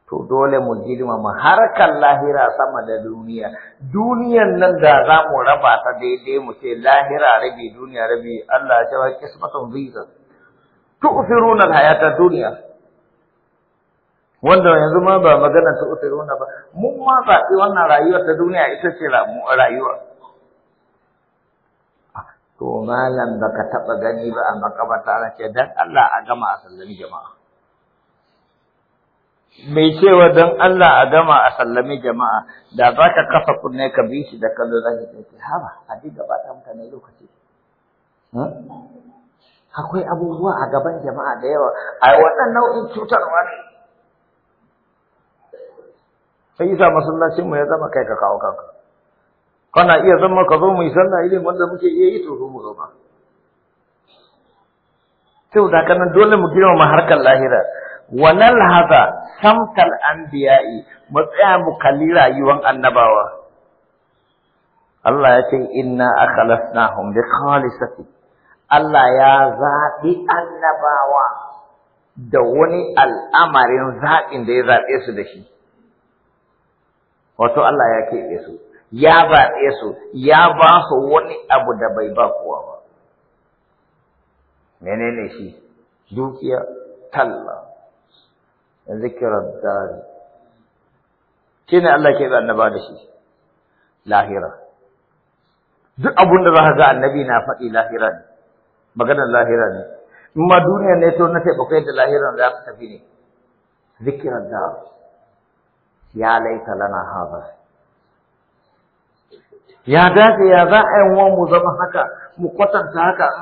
to dole mu girmama harkar lahira sama da duniya duniyan nan da za mu raba ta daidai mu ce lahira rabi duniya rabi Allah ya ce wa kismatun visa tu'thiruna al-hayata dunya wanda yanzu ma ba magana ta utaruna ba mun ma zaɓi wannan rayuwar ta duniya ita ce rayuwa ah, to malam ka taɓa gani ba a makabarta na ce dan Allah a gama a sallami jama'a mai cewa dan Allah a gama a sallami jama'a da za ka kafa kunne ka bi shi da kallo za ka ce haba a ji gaba ta mutane lokaci hmm? akwai abubuwa a gaban jama'a da yawa a wannan nau'in cutarwa ne sai isa masallacin mu ya zama kai ka kawo kanka kana iya zama ka zo mu yi sallah idan wanda muke iya yi to zo mu zo ba sai da kana dole mu girmama harkar lahira wa hada samtal anbiya'i mu tsaya mu kalli rayuwar annabawa Allah ya ce inna akhlasnahum bi khalisati Allah ya zaɓi annabawa da wani al'amarin zaɓin da ya zaɓe su da shi wato Allah ya keɓe su ya zaɓe su ya ba su wani abu da bai ba kowa ba menene shi dukiya talla zikirar dari shi ne Allah keɓe annaba da shi lahira duk abun da za ka ga annabi na faɗi lahira ne maganar lahira ne in ma duniya ne to na taɓa kai da lahiran za ka tafi ne zikirar da يا ليت لنا هذا يا ذات يا ذا يا وام يا هكا يا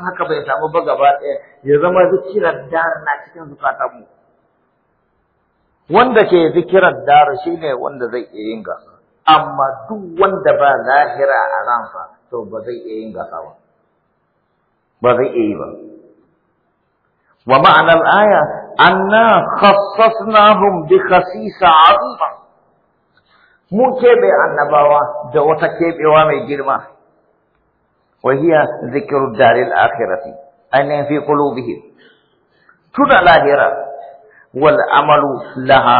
هكا يا بيتا يا بعبات يا زما يا الدار يا زكاتمو يا كي يا الدار يا وند يا إينغا يا دو يا با يا أرانفا يا بذي يا كاو يا إيوا يا الآية يا خصصناهم بخصيصة عظيمة mun keɓe annabawa da wata keɓewa mai girma وهي ذكر الدار الآخرة أن في قلوبهم تنا لاهرة والعمل لها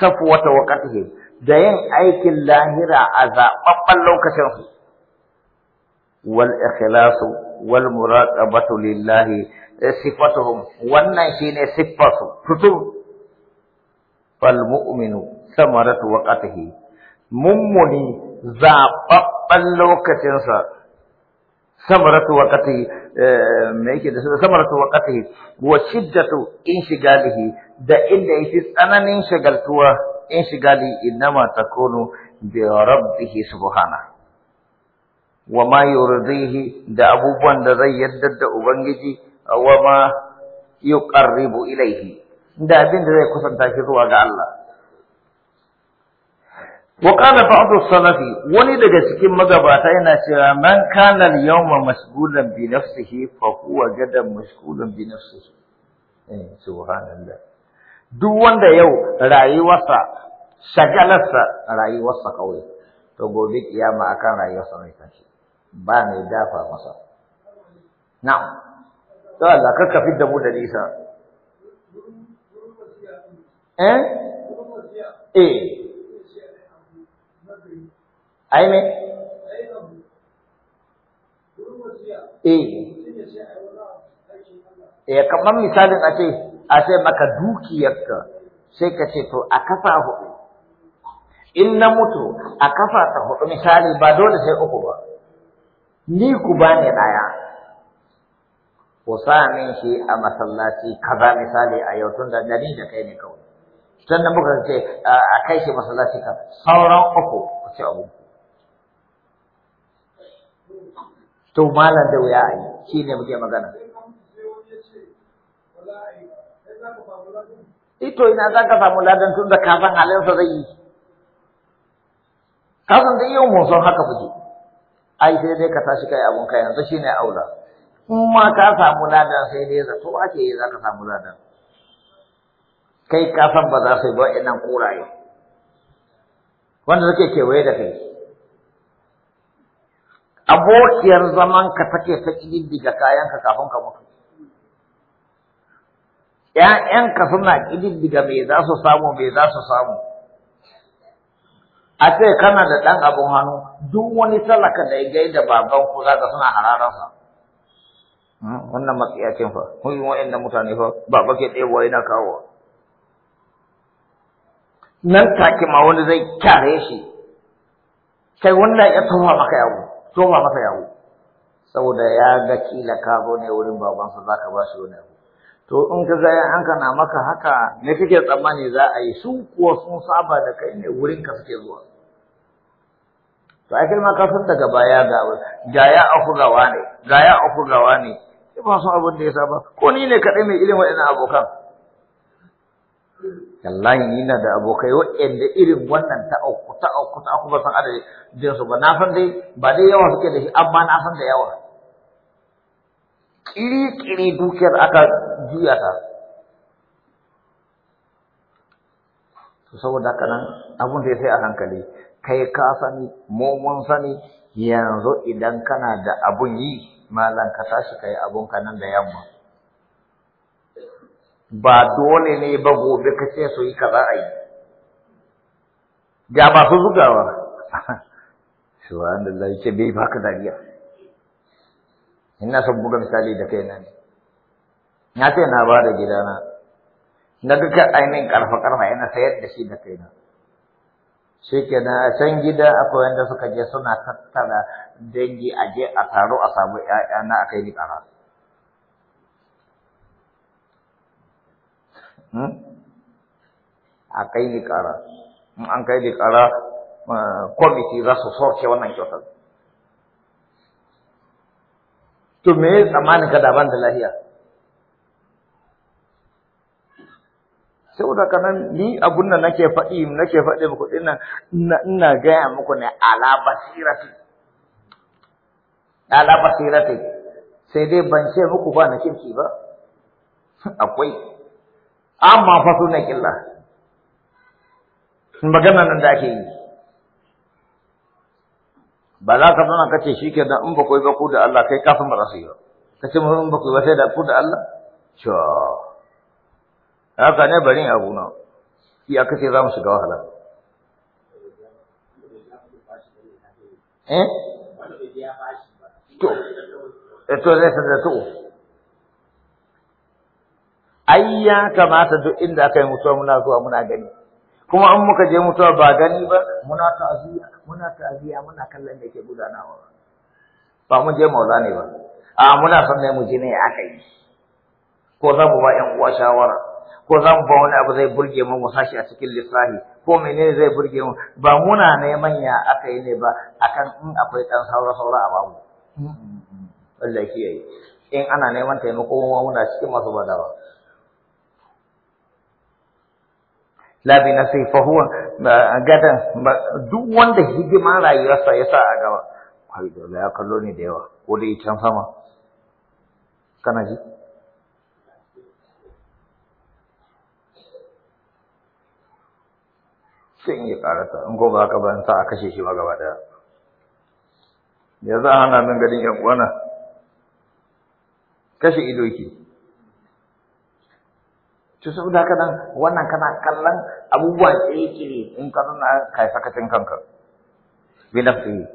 صفوة وقتهم دين أيك اللاهرة أذا أقل كشنه والإخلاص والمراقبة لله صفتهم والنشين صفة فتور فالمؤمن ثمرة وقته mummuni zaɓaɓɓen lokacinsa samaratu waqati eh, me yake da samaratu waqati wa shiddatu inshigalihi da inda yake tsananin shagaltuwa inshigali ya takunu bi rabbih subhana wa ma yurdihi da abubuwan da zai yadda da ubangiji wa ma yuqarribu ilaihi da abin da zai kusanta shi zuwa ga Allah wa qala ba'd salafi wani daga cikin magabata yana cewa man kana al-yawma mashghulan bi nafsihi fa huwa gadan mashghulan bi nafsihi eh subhanallah duk wanda yau rayuwarsa shagalarsa rayuwarsa kawai to gobe kiyama akan rayuwarsa mai tashi ba mai dafa masa na'am to Allah ka fitar da mu da nisa eh eh ai me eh eh kamar misalin a ce a ce maka dukiyarka sai ka ce to a kafa hudu in na mutu a kafa ta hudu misali ba dole sai uku ba ni ku bani daya ku sa min shi a masallaci kaza misali a yau tun da dari da kai ne kawai sannan muka ce a kai shi masallaci ka sauran uku ku ce abu to malam da wuya ai yi shi ne muke magana ito eh, ina za ka samu ladan tun da ka san sa zai yi ka san da iya musan haka fuje ai sai dai ka tashi kai abun kai yanzu shine aula in ma ka samu ladan sai dai zato ake yi za ka samu ladan kai ka san ba za su yi ba ina kuraye wanda suke kewaye da kai abokiyar zaman ka take ta ƙididdiga kayanka kafin ka mutu ‘ya'yanka suna ƙididdiga me za su samu me za su samu a ce kana da ɗan abin hannu duk wani talaka da ya gai da baban ku za ka suna hararansa. Hmm, wannan matsiyacin fa kun wa'in da mutane fa ba ba ke ɗewa yana kawo nan take ma wani zai kyare shi kai wanda ya tafa maka yawo ba masa yawo saboda ya ga kila ka zo ne wurin babansa za ka ba shi wani abu to in ka ga an na maka haka ne kake tsammani za a yi su kuwa sun saba da kai ne wurin ka suke zuwa to ai kai ka san daga baya ga ga ya aku gawa ne ga ya aku gawa ne ba san abin da ya saba ko ni ne kadai mai ilimin wa'annan abokan wallahi ni na da abokai waɗanda irin wannan ta auku ta auku ta auku ba san din su ba na san dai ba dai yawa suke da shi amma na san da yawa kiri-kiri dukiyar aka juya ta saboda haka nan abun da ya sai a hankali kai ka sani mu mun sani yanzu idan kana da abun yi malam ka tashi kai abun ka nan da yamma ba dole ne ba gobe ka ce su yi za a yi ga masu zugawa subhanallah ce bai ba ka dariya ina son buga misali da kaina ne na ce na ba da gidana na duka ainihin karfa karfa yana sayar da shi da kaina shi ke a can gida akwai wanda suka je suna tattara dangi a je a taro a samu na a kai ni ƙara Hmm? a kai ni ƙara in an kai ni ƙara eh, kwamiti za su soke wannan kyautar to me ya tsamani ka daban da lahiya saboda kanan ni abun da nake faɗi nake faɗi muku ina ina gaya muku ne ala basirati ala basirati sai dai ban ce muku ba na kirki ba akwai amma fa suna killa magana nan da ake yi ka za ka zauna kace shi ke in ba koyi ba ku da Allah kai kafin ba za su yi ba kace mu in ba koyi ba sai da ku da Allah to haka ne bari abu na ya kace za mu shiga wahala eh to eh, to zai san da to eh, ai ya kamata duk inda aka yi mutuwa muna zuwa muna gani kuma an muka je mutuwa ba gani ba muna ta'aziyya muna ta'aziyya muna kallon da ke gudanawa ba mu je maula ne ba a muna son ne mu je ne aka yi ko za mu ba yan uwa shawara ko za mu ba wani abu zai burge mu mu sashi a cikin lissafi ko menene zai burge mu ba muna neman ya aka yi ne ba akan in akwai ɗan saura saura a babu mm, mm, mm. Allah kiyaye in ana neman taimako muna cikin masu badawa la bi nafsi fa huwa gadan duk wanda hidima rayuwarsa ya sa a gaba kai da ya kallo ni da yawa ko dai can sama kana ji sai in yi karata in ko ba haka ba sa a kashe shi ba gaba daya ya za a hana nan gadin yan uwana kashe ido yake to saboda haka nan wannan kana kallon abubuwa kiri in ka na kai sakacin kanka bi nafsi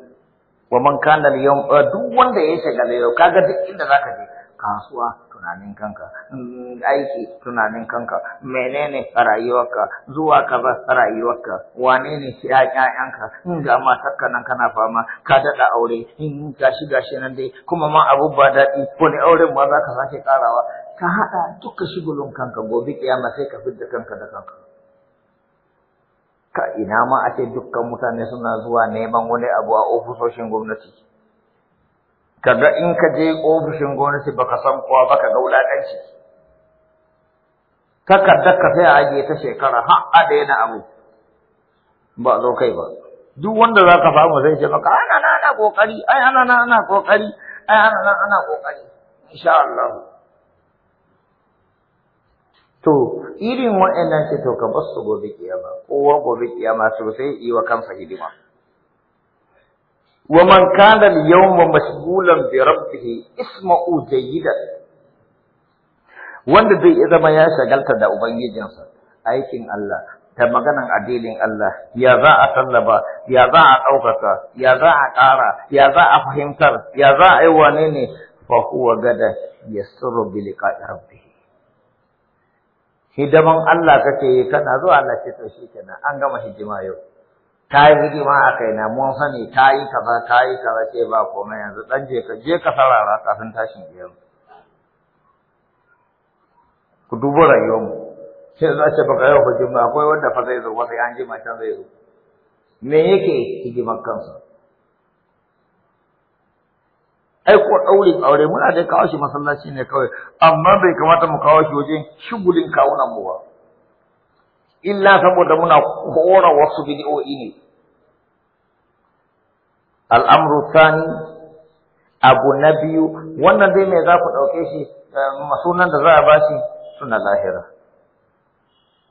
wa man kana al eh, duk wanda ya shiga da yau kaga duk inda zaka je kasuwa tunanin kanka mm, aiki tunanin kanka menene rayuwarka zuwa kaza rayuwarka wane ne ƴaƴanka ga matarka nan kana fama ka daɗa aure shiga shi nan dai kuma ma abubuwa daɗi wani auren ma za ka sake ƙarawa ka haɗa duka shigulun kanka gobe kiyama sai ka fidda kanka da kanka ka ina ma a ce dukkan mutane suna zuwa neman wani abu a ofisoshin gwamnati kaga in ka je ofishin gwamnati baka san kowa baka ga wulaƙanci takardar ka sai a ajiye ta shekara har a daina abu ba zo kai ba duk wanda za ka samu zai ce maka ana na ana kokari ai ana na ana kokari ai ana na ana kokari insha Allah To, irin wa'annan ce to ka bar su gobe kiyama, kowa gobe kiyama sosai yi wa kansa hidima. Wa man kana al-yawma bi rabbih isma'u jayyida. Wanda zai iya zama ya shagalta da ubangijinsa, aikin Allah, da maganan addinin Allah, ya za a tallaba, ya za a ɗaukaka, ya za a ƙara, ya za a fahimtar, ya za a yi wane ne, fa huwa gada tsoro bi liqa'i rabbih. hidaman Allah kake kana zuwa Allah ce to kenan an gama hidima yau ta yi hidima a kaina mun sani ta yi kaza ta yi kaza ce ba komai yanzu dan je ka je ka sarara kafin tashin biyar. ku dubo rayuwarmu sai za ce baka yau ba jima akwai wanda fa zai zo wasu an jima can zai zo me yake hidimar kansa ai ko aure aure muna da kawo shi masallaci ne kawai amma bai kamata mu kawo shi wajen shugulin kawunan mu ba illa saboda muna kora wasu bid'o'i ne al'amru thani abu na wannan dai me za ku ɗauke shi eh, sunan da za a ba shi suna lahira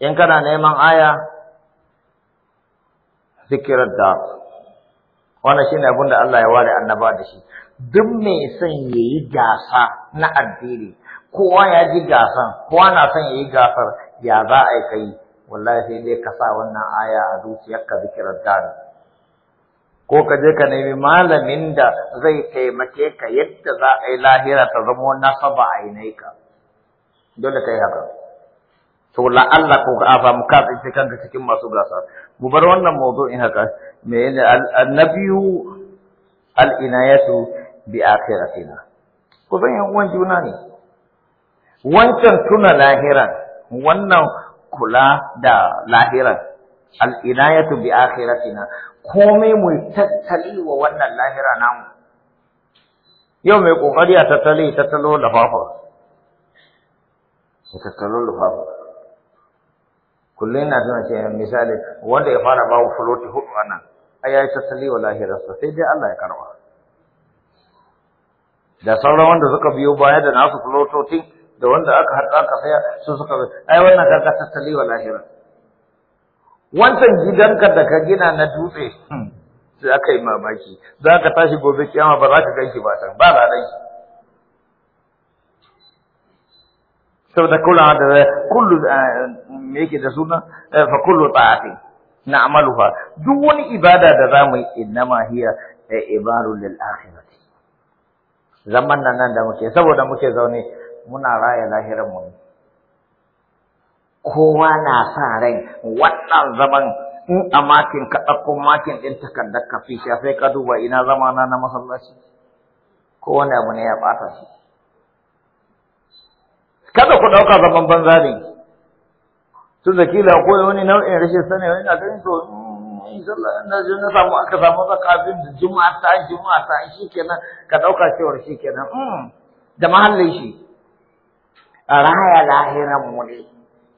in kana neman aya zikirar da wannan shine abin da Allah ya ware annaba da shi duk mai son ya yi gasa na addini kowa ya ji gasan kowa na son ya yi gasar ya za a kai wallahi sai dai ka sa wannan aya a zuciyarka zikirar dare ko ka je ka nemi malamin da zai taimake ka yadda za a yi lahira ta zama nasaba a yi ka dole ka yi haka to Allah ko ka samu ka sai kanka cikin masu gasa mu bar wannan mawdu'in haka me ne annabiyu al-inayatu bi akhiratina kusan yan uwan juna ne wancan tuna lahiran wannan kula da lahiran al'inayatu bi akhiratina komai mu tattali wa wannan lahira namu yau mai kokari a tattali tattalo lafafa sai tattalo lafafa kullum na tuna ce misali wanda ya fara bawo fuloti hudu anan ai ya tattali wa lahirarsa sai dai Allah ya karba da sauran wanda suka biyo baya da nasu flototin da wanda aka harka aka saya su suka ai wannan kaga tattali wa lahira wancan gidanka da ka gina na dutse hmm, sai aka yi mamaki za ka tashi gobe kiyama ba za ka ganki ba san ba ba dai saboda kula da kullu eh, me yake da suna eh, fa kullu ta'ati na'maluha duk wani ibada da zamu yi innama hiya eh, ibaru lil akhirah zaman nan nan da muke saboda muke zaune muna raya lahirar mu kowa na sa rai wannan zaman in a makin ka ɗauko makin ɗin takardar ka fi sai ka duba ina zamana na masallaci kowane abu ne ya ɓata shi kada ku ɗauka zaman banza ne tun da ko wani nau'in rashin sani wani na ganin to inshallah na je na samu aka samu zakafin da juma'a ta juma'a ta shikenan ka dauka cewar shikenan mm da mahallin shi raya lahiran mu ne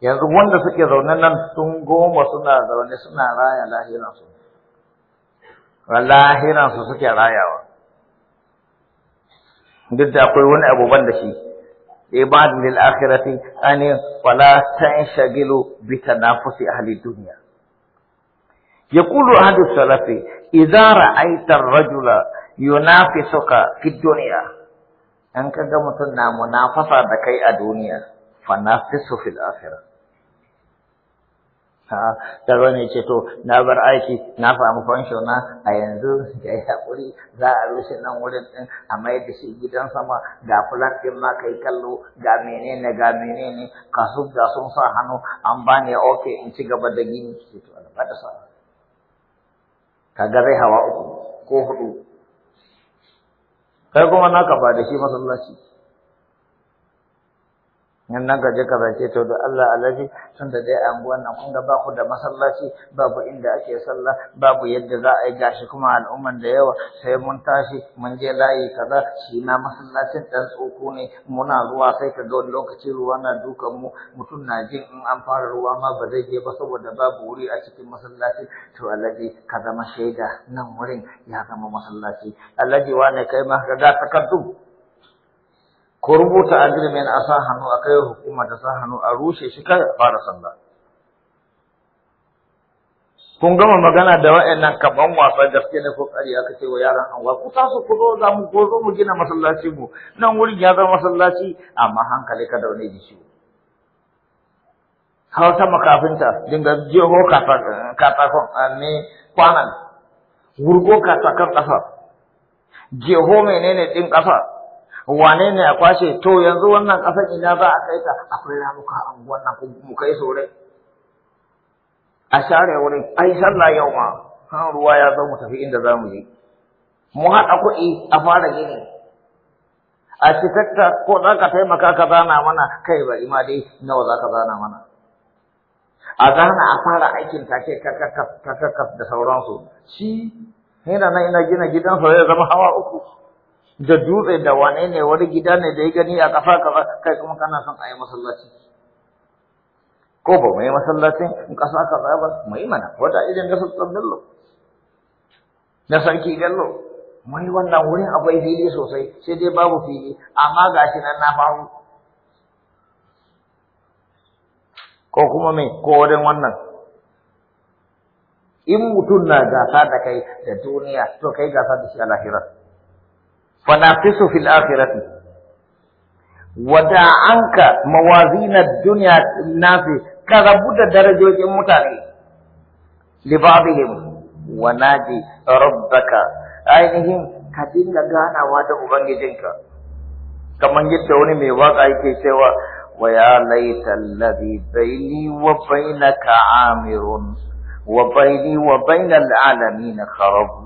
yanzu wanda suke zaune nan sun goma suna zaune suna raya lahiran su lahiran su suke rayawa duk da akwai wani abu ban da shi ibadul akhirati ani wala tanshagilu bi tanaffusi ahli dunya يقول أحد السلف إذا رأيت الرجل ينافسك في الدنيا أن كذا منافسة بكي الدنيا فنافسه في الآخرة Ta da wani ce to na bar aiki na samu fansho na a yanzu da ya haƙuri za a rushe nan wurin ɗin a mai da shi gidan sama ga fulat ɗin ma kai kallo ga menene ga menene kasu ga sun sa hannu an bani oke in ci gaba da gini ce to ba sa'a kaga zai hawa uku ko hudu kai kuma naka ba da shi masallaci nan nan gaje ka zace to da Allah alaji tun da dai anguwan nan kun ga ba ku da masallaci babu inda ake sallah babu yadda za a yi gashi kuma al'umman da yawa sai mun tashi mun je layi kaza shi na masallacin dan tsoko ne muna zuwa sai ka ga wani lokaci ruwa na dukan mu mutum na jin in an fara ruwa ma ba zai je ba saboda babu wuri a cikin masallaci to alaji ka zama shaida nan wurin ya zama masallaci alaji wane kai ma ka ga takardu ko rubuta agreement a sa hannu a kai hukuma ta sa hannu a rushe shi kai fara sallah kun gama magana da wa'annan kaman wasa gaske ne ko kari aka ce wa yaran anwa ku su ku zo za mu ko zo mu gina masallaci mu nan wurin ya zama masallaci amma hankali ka daune ji shi ta makafinta dinga jeho katakon ne kwanan wurgo katakon ƙasa jeho menene ɗin ƙasa wane ne a kwashe to yanzu wannan ƙasar ina za a kai ta akwai ramuka a wannan mu kai su a share wurin ai sallah yau ma kan ruwa ya zo mu tafi inda za mu je mu haɗa kuɗi a fara gini a cikakka ko za ka taimaka ka zana mana kai ba ima dai nawa za ka zana mana a zana a fara aikin take kakakas da sauransu shi Hina na ina gina gidansa zai zama hawa uku da dutse da wane ne wani gida ne da ya gani a kafa kafa kai kuma kana son a yi masallaci ko ba mai masallacin in kasa kaza ba mai mana wata irin gasar dallo na sarki dallo mai wannan wurin akwai fili sosai sai dai babu fili amma gashi nan na faru ko kuma me ko wurin wannan in mutum na gasa da kai da duniya to kai gasa da shi a lahirar فنافسه في الآخرة ودا عنك موازين الدنيا الناس كذبود درجة المتاري لبعضهم ونادي ربك أينهم كدين لغانا وادا أبنج جنك كما جدت وني من واقع كيسوا ويا ليت الذي بيني وبينك عامر وبيني وبين العالمين خرب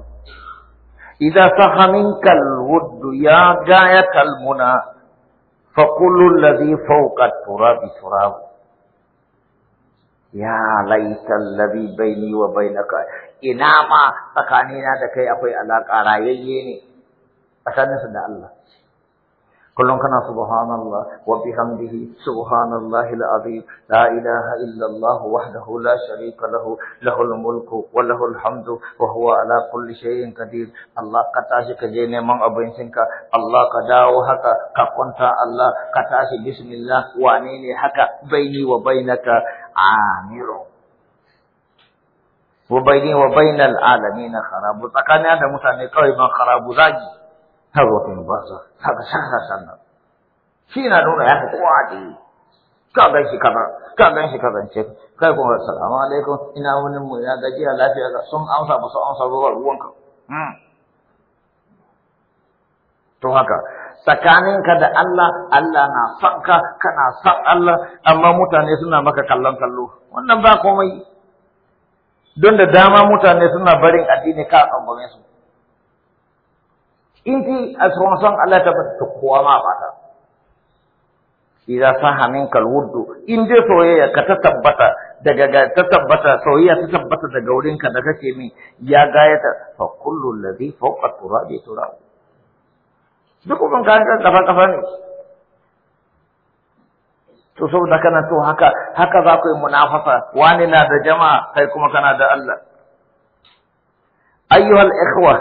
إذا صح منك الود الجود يا غاية المنى فقل الذي فوق التراب سراب يا ليت الذي بيني وبينك إنما تكانينا دكي أخي ألاك راييني أسانس الله kullum kana subhanallah wa bihamdihi subhanallahi alazim la ilaha illallah wahdahu la sharika lahu lahul mulku wa lahul hamdu wa huwa ala kulli shay'in qadir Allah ka tashi ka je neman abincinka Allah ka dawo haka ka kwanta Allah ka tashi bismillah wane ne haka baini wa bainaka amiru wa baini wa bainal alamin tsakanin da mutane kawai ban karabu zagi harkokin banza kaga shahara sannan shi na nuna ya fi kowa da yi ka gan shi kaza ka gan shi kaza ce kai kuma assalamu alaikum ina wani mu ya gajiya lafiya ga sun amsa ba su amsa ba ruwanka hmm. to haka tsakaninka da Allah Allah na son ka kana son Allah amma mutane suna maka kallon kallo wannan ba komai don da dama mutane suna barin addini ka tsangwame su Inti a son Allah ta bata kowa ma fata idan sa minkal wuddu in dai soyayya ka ta tabbata daga ta tabbata soyayya ta tabbata daga wurin ka da kake min ya gayata fa kullu ladhi fawqa turabi turab duk kun ka ga kafa kafa ne to saboda kana to haka haka za ku yi munafasa wani na da jama'a kai kuma kana da Allah ayyuhal ikhwa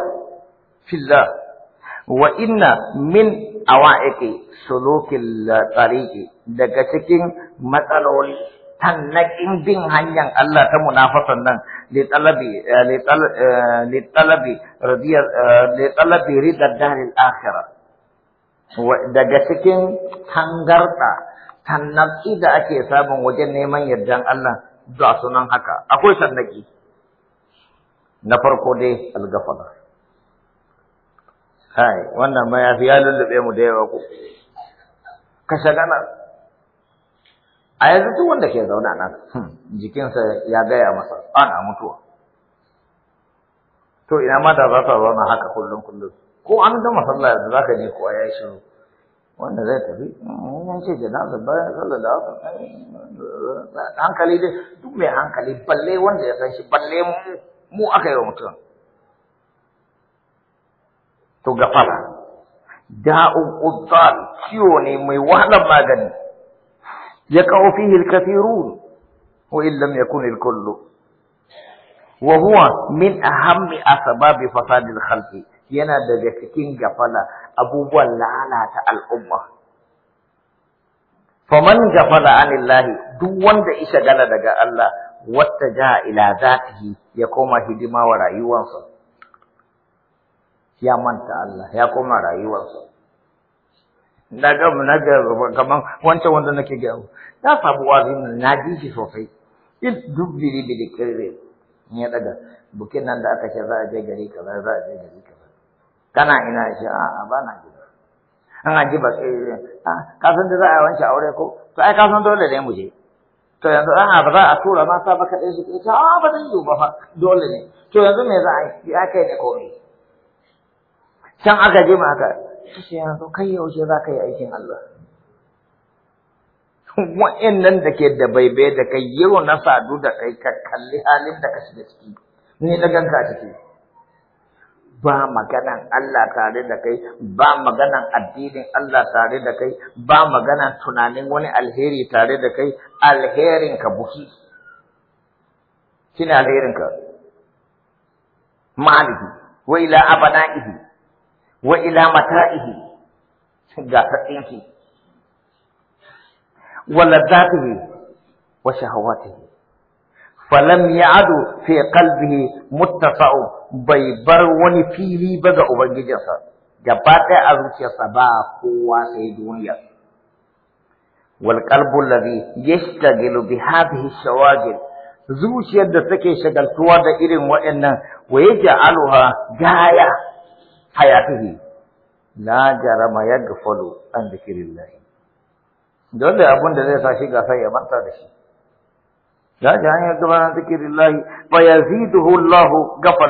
fillah wa inna min awa'iki sulukin tsariki daga cikin matsaloli tannakin bin hanyar Allah ta munafasan nan litalabi ridar darin akhira daga cikin tangarta tannaki da ake samun wajen neman yardan Allah da sunan haka akwai sannaki na farko dai algafala kai wannan ma ya fi ya lullube mu da yawa ku? ka shagana a yanzu duk wanda ke zauna nan jikinsa ya gaya masa ana mutuwa to ina mata za ta zauna haka kullum kullum ko an da masallah yanzu ka ne ko ya shiru wanda zai tafi mun ce janaza bayan sallar da haka hankali dai duk mai hankali balle wanda ya san shi balle mu mu aka yi wa mutum to gafara da'un quddal ciwo ne mai wahalar magani ya kawo fihi alkathirun wa in lam yakun alkull wa huwa min ahammi asbab fasad alkhalq yana daga cikin gafala abubuwan lalata al'umma faman gafala anillahi duk wanda isa gana daga Allah wata ja ila zatihi ya koma hidima wa rayuwarsa ya manta Allah ya koma rayuwarsa na ga na ga kaman wancan wanda nake ga na samu wazin na ji shi sosai in dubbiri bi dikirre ya daga bukin nan da aka ce za a je gari kaza za a je gari kaza kana ina shi a ba na ji. an ga ji ba sai ah, ka san da za a wanke aure ko to ai ka san dole ne mu je to yanzu a ah, ba a tura mata ba ɗaya, su ke ah, a ba zan yi ba fa dole ne to yanzu me za a yi ya kai da komai can aka je ma aka tashi ya zo kai yaushe za ka yi aikin Allah wa'annan da ke da baibaye da kai yau na sadu da kai ka kalli halin da ka shiga ciki ni na ganka ciki ba maganan Allah tare da kai ba maganan addinin Allah tare da kai ba maganan tunanin wani alheri tare da kai alherin ka buki kina alherin ka maliki wa ila وإلى متائه جاسقينه ولذاته وشهواته فلم يعد في قلبه متسع بيبر ونفيلي بدأ أبنجيسا جبات أذوك يصبا قوة سيدونيا والقلب الذي يشتغل بهذه الشواجل زوش يد سكي شغل توادا إرم وإن ويجعلها جايا hayatihi la jarama yaghfalu an dhikrillah dole abun da zai sa shi gasa ya manta da shi la hanyar yaghfalu an dhikrillah fa yaziduhu Allah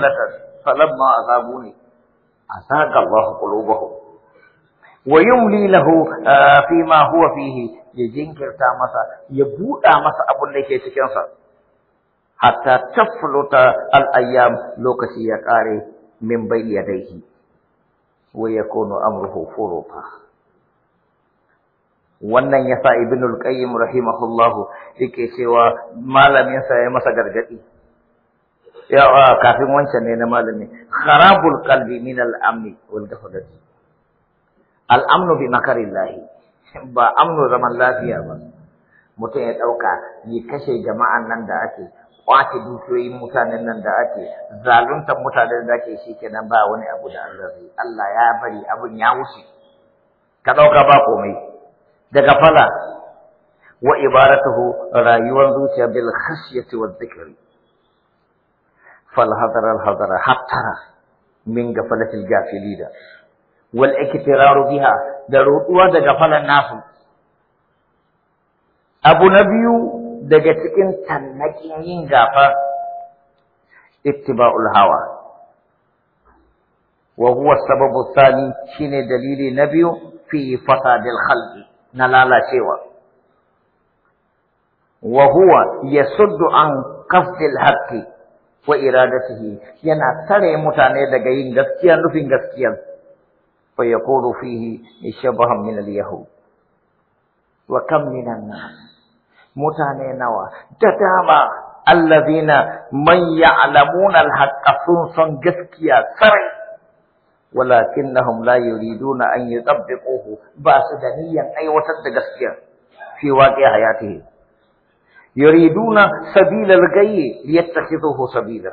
ne. falamma asabuni asaqa Allah qulubahum wa yumli lahu ah, fi ma huwa fihi ya jinkirta masa ya buɗa masa abun da yake cikin sa hatta tafluta al ayyam lokaci ya kare min bayyi yadayhi ويكون أمره فرطا wannan yasa ibnul qayyim rahimahullahu yake cewa malamin ya masa gargadi ya kafin wancan ne na malami kharabul qalbi min al amni wal ghaflati al amnu bi makarillahi ba amnu zaman lafiya ba mutum ya dauka ni kashe jama'an nan da ake kwace dukiyoyin mutanen nan da ake zaluntar mutanen da ake shi kenan ba wani abu da Allah zai Allah ya bari abin ya wuce ka dauka ba komai daga fala wa ibaratuhu rayuwar zuciya bil khashyati wa dhikri fal hadara al hadara hattara min gafalatil gafilida wal iktiraru biha da ruduwa daga falan nasu abu na biyu daga cikin tannakin yin gafa ittiba'ul hawa wa huwa sababu thani shine dalili na biyu fi fasadil khalqi na lalacewa wa huwa yasuddu an qasdil haqqi wa iradatihi yana tare mutane daga yin gaskiya nufin gaskiya fa yakulu fihi shabahan min al yahud wa kam min an nas mutane nawa da dama allazina man ya'lamuna al sun san gaskiya sarai walakinnahum la yuriduna an yutabbiquhu ba su da niyyan aiwatar da gaskiya fi waqi hayatihi yuriduna sabila al-ghayy sabila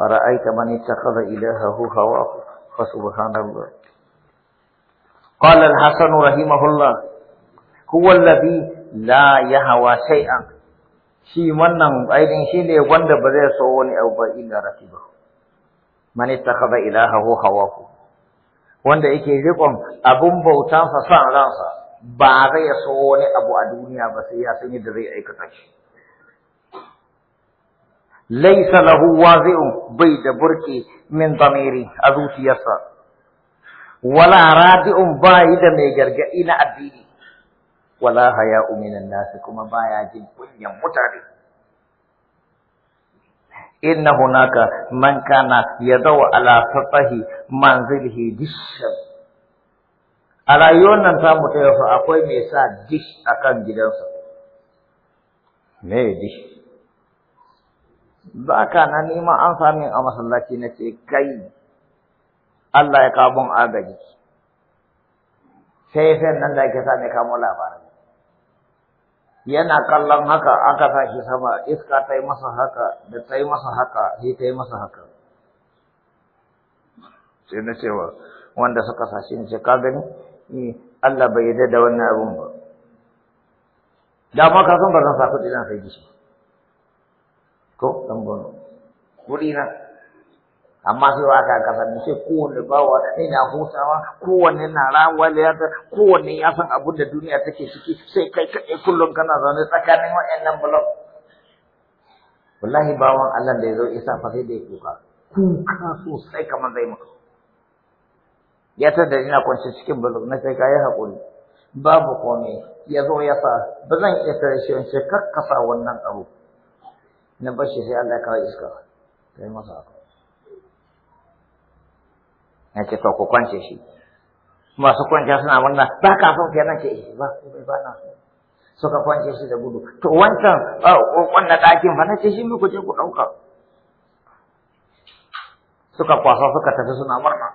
ara'aita man ittakhadha ilahahu hawa fa subhanallah qala al-hasan rahimahullah huwa alladhi la ya hawa an shi wannan ainihin shi ne wanda ba zai so wani abu ba illa rakiba man ittakhadha ilahahu hawahu wanda yake riƙon abun sa san ransa ba zai so wani abu a duniya ba sai ya san yadda zai aikata shi laysa lahu Wazi'u bai da burki min damiri a zuciyarsa wala radi'un bai da mai gargaɗi na addini wala haya minan nas kuma baya jin kunyan mutane inna hunaka man kana yadau ala safahi manzilihi dishab a rayuwar nan ta mutu yau akwai mai sa dish akan gidansa me dish ba ka na nima an sami a masallaci na ce kai Allah ya kawo agaji sai sai nan da ake sami kamo labarin yana kallon haka aka shi sama iska ta yi masa haka da ta yi masa haka shi ta yi masa haka sai na cewa wanda suka shi ne ce ka gani Allah bai yarda da wannan abun ba da ma ka san ba zan sa kuɗi na sai gishi ko dan bono kuɗi na amma sai aka kasa ne sai kowanne bawa na hutawa kowanne na rawaliya ta kowanne ya san abin da duniya take ciki sai kai kaɗai kullum kana zaune tsakanin wa'annan bulok wallahi bawan Allah da ya zo isa fa sai da kuka kuka sosai kamar zai maka ya ta da ina kwance cikin bulok na sai kayi haƙuri babu komai ya zo ya sa ba zan iya tare shi wance kakkasa wannan abu na bashi sai Allah ya kawo iska kai masa haka na ce to ku kwance shi masu kwanciya suna murna ba ka so kenan ce eh, ba ba na so suka kwance shi da gudu to wancan ko na ɗakin fa na ce shi ku je ku ɗauka suka kwasa suka tafi suna murna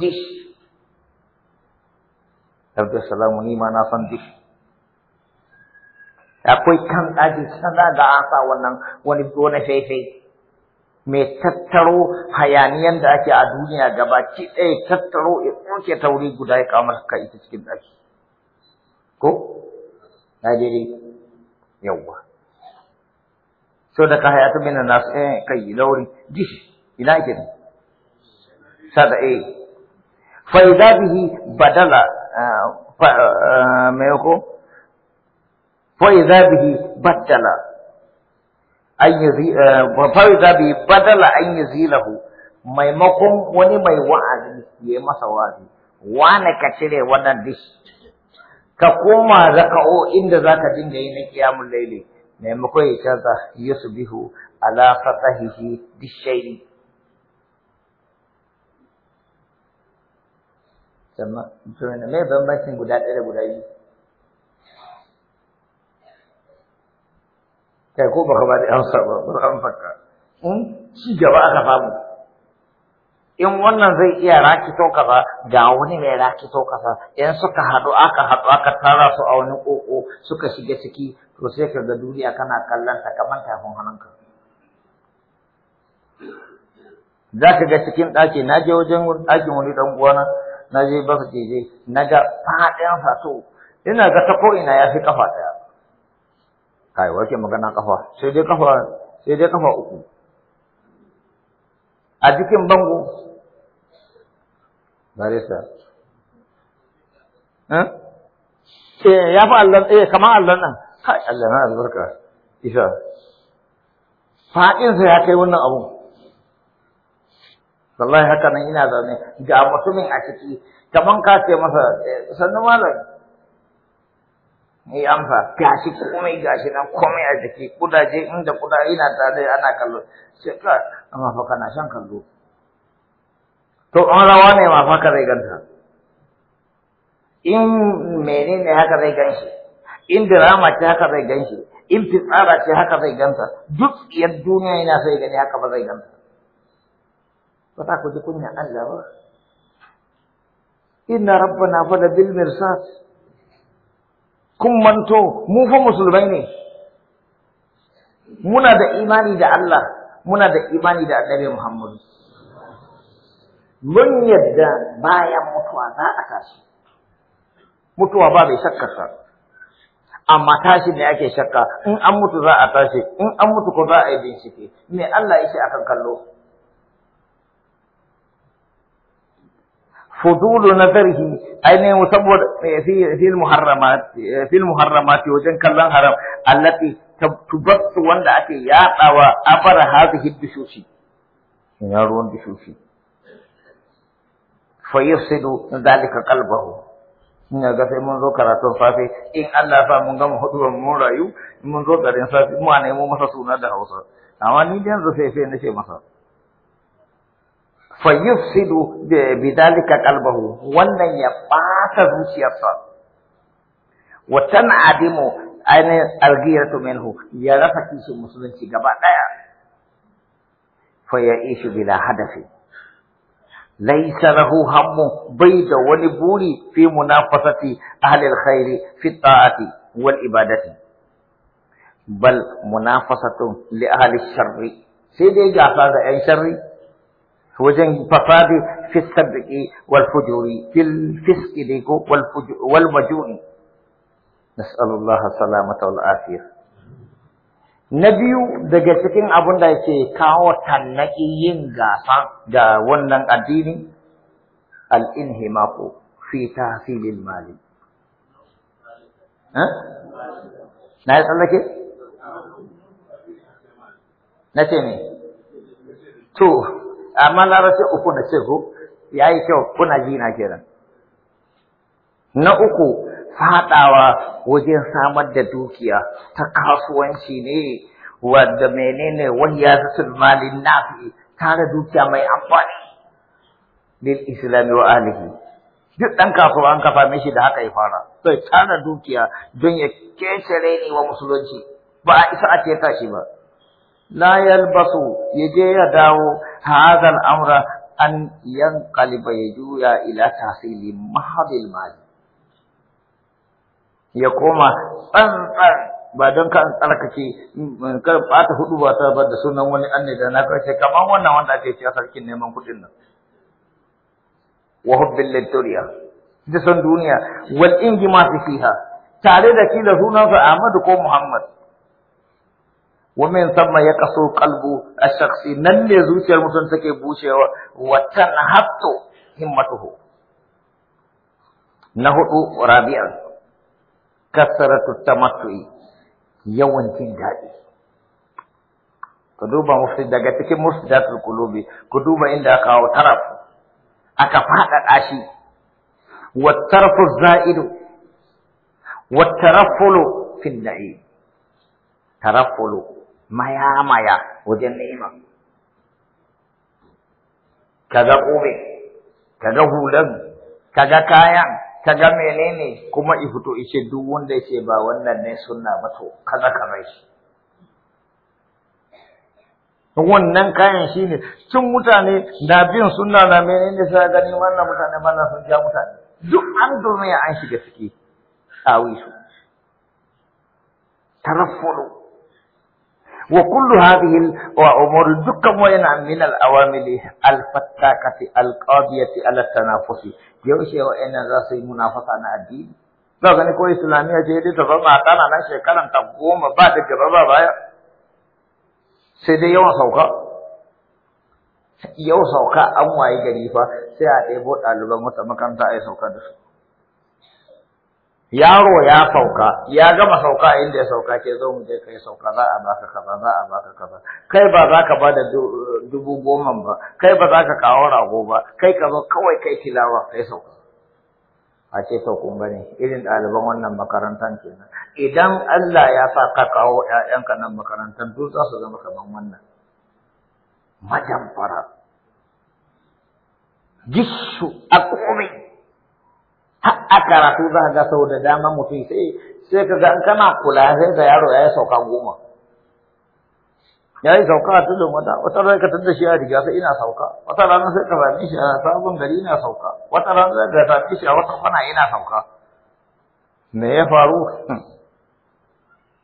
dish Salamu ni ma na san dish akwai kan ɗaki sana da asa wannan wani wani faifai mai tattaro hayaniyan da ake a duniya gabaki ɗaya tattaro ya ƙoke ta wuri guda ya kawo maka ita cikin ɗaki ko na daidai yawwa so da ka hayatu min nas eh kai lauri dish ina ke sada eh fa idza bihi badala ah, ah, me ko fa idza bihi badala an yi eh, farida bi badala an yi zilahu maimakon wani mai wa'azi ya masa wa'azi wane ka cire wannan dish ka koma zaka'o inda zaka dinga yi na qiyamul layli maimakon ya canza yusbihu ala fatahihi bishay'i sannan mutumin mai bambancin guda ɗaya da guda biyu kai ko baka ba da amsa ba ba amsa ka in ci gaba aka samu in wannan zai iya rakito kaza ga wani mai rakito kaza in suka haɗu aka hadu aka tara su a wani koko suka shiga ciki to sai ka ga duniya kana kallon ta kamar tafin hannunka za ka ga cikin ɗaki na je wajen ɗakin wani ɗan uwana na je ba su na ga faɗin to ina ga ta ko ina ya fi kafa ɗaya kai ke magana kafa sai dai kafa sai dai kafa uku a cikin bango sa. Eh? eh ya fa Allah eh kama Allah nan kai Allah na albarka isa fadin sa ya kai wannan abu wallahi haka nan ina zaune ga mutumin a ciki kaman ka ce masa eh, sannu malam ni amsa gashi komai gashi nan komai a jiki kudaje inda kuda ina dai ana kallo sai ka amma fa kana shan kallo to an rawa ne ma fa ka zai ganta in menene haka zai ganshi in drama ce haka zai ganshi in fitsara ce haka zai ganta duk tsiyar duniya yana sai gani haka ba zai ganta ba za ku ji kunya Allah ba inna rabbana fa bil mirsad kun manto mu fa musulmai ne muna da imani da Allah muna da imani da Annabi Muhammad mun yadda bayan mutuwa za a tashi mutuwa ba bai shakkarsa amma tashi ne ake shakka in an mutu za a tashi in an mutu ko za a yi bincike me Allah yake akan kallo fudulu nazarihi ainihin saboda fi muharramat fi muharramat wajen kallon haram allati tubassu wanda ake yadawa afara hadhihi bishushi ina ruwan bishushi fa yusidu dalika qalbahu ina ga sai mun zo karatun safe in Allah sa mun gama hudu mun rayu mun zo garin safe mu ne mu masa suna da Hausa amma ni yanzu sai sai ce masa فيفسد بذلك قلبه ولا يبات روسيا وتن عدمه أنا الغيرة منه يرفع كيس المسلمين سيقبع دايا فيعيش بلا هدف ليس له هم بيد ونبولي في منافسة أهل الخير في الطاعة والإبادة بل منافسة لأهل الشر سيدي جاسا أي شر هو زين فصادي في السبع والفجور في الفسق والمجون نسأل الله سلامة والعافية نبيو دقيتكين أبن دايكي كاو تنكي ينغا سان دا ونن أديني الانهماق في تحصيل المال ها نايس الله كي نتيني تو amma larabci uku na ce zo ya yi kyau kuna ji na kenan na uku faɗawa wajen samar da dukiya ta kasuwanci ne wadda menene wahiyatul malin nafi tare dukiya mai amfani lil islami wa alihi duk dan kasuwa an kafa mishi da haka ya fara sai dukiya don ya kece ne wa musulunci ba a isa a ce tashi ba la yalbasu yaje ya dawo hadha amra an yanqaliba ya juya ila tahsili mahadil mali ya koma tsantsan ba don ka tsarkake kar bata hudu ba ta bar da sunan wani annabi da na kace kamar wannan wanda ake cewa sarkin neman kudin nan wa hubbil lidunya da san duniya wal injima fiha tare da kila sunansa Ahmad ko Muhammad ومن ثم يقسو قلب الشخص نن ne zuciyar mutum take bushewa wa tanhattu himmatuhu na hudu rabi'an kasratu tamattu'i yawan jin daɗi ku duba mufti daga cikin mufsidatul qulubi ku duba inda aka kawo taraf aka faɗaɗa shi wa tarfu za'idu wa tarafulu fi na'im tarafulu maya-maya wajen ga Kaga ka kaga hulan, kaga kayan, kaga menene kuma i fito ishe duk wanda ce ba wannan ne suna ba to kaza kaza shi. Wannan kayan shi ne, cin mutane na bin suna na menene sa gani wannan mutane mana sun ja mutane. Duk an duniya an shiga ciki, a su. Taraffuru. wa kullu hadhihi wa umur dukkan wayna min al awamil al fattakati al qadiyati al tanafusi yau shi wa ina za su yi munafasa na addini ba ga ne ko islamiya je dai ta zama tana nan shekaran ta goma ba da gaba ba baya sai dai yawan sauka yau sauka an waye gari fa sai a ɗebo ɗaliban wata makaranta a yi sauka da su yaro ya sauka ya gama sauka inda ya sauka ke zo mu je kai sauka za a baka kaza za a baka kaza kai ba za ka bada dubu goma ba kai ba za ka kawo rago ba kai ka zo kawai kai tilawa kai sauka a ce to kun gane irin ɗaliban wannan makarantar kenan idan Allah ya sa ka kawo ƴaƴanka nan makarantar duk za su zama kaman wannan Majan fara gishu a komai a karatu za ka ga sau da dama mutum sai sai ka ga in kana kula sai da yaro ya sauka goma ya yi sauka a tudun wata wata rana ka tada shi a riga sai ina sauka wata rana sai ka same shi a sabon gari ina sauka wata rana sai ka same shi a wata kwana ina sauka me ya faru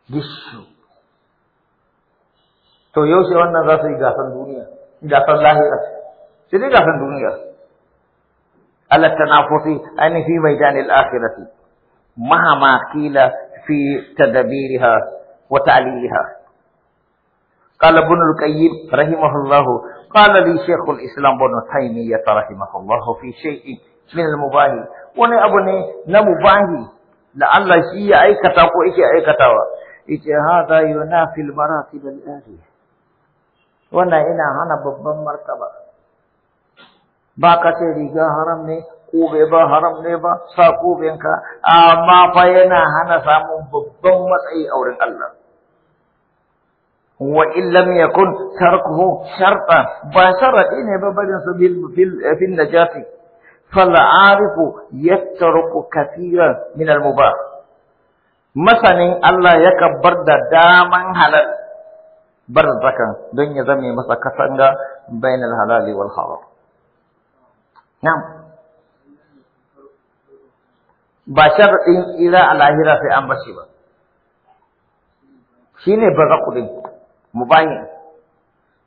gishu to yaushe wannan za su yi gasar duniya Gasar lahira sai dai gasar duniya على التنافس أن في ميدان الآخرة مهما قيل في تدبيرها وتعليلها قال ابن القيم رحمه الله قال لي شيخ الإسلام ابن تيمية رحمه الله في شيء من المباهي وني أبني نمباهي لعل شيء أي كتاب إيش أي كتاب إيش هذا ينافي المراتب الآلية وانا هنا هنا ببن مرتبة ba ka ce riga haram ne kobe ba haram ne ba sa ka. amma fa yana hana samun babban matsayi a wurin Allah wa in yakun tarkuhu sharta ba sharadi ne ba barin su bil fil eh, najati fal arifu yatruku kathiran min al mubah masanin Allah ya kabbar da daman halal barzakan don ya zame masa katanga bainal halali wal haram Na'am. Ba sharaɗin ira al'ahira sai an bashi ba. Shi ne ba kuɗin, mubayin.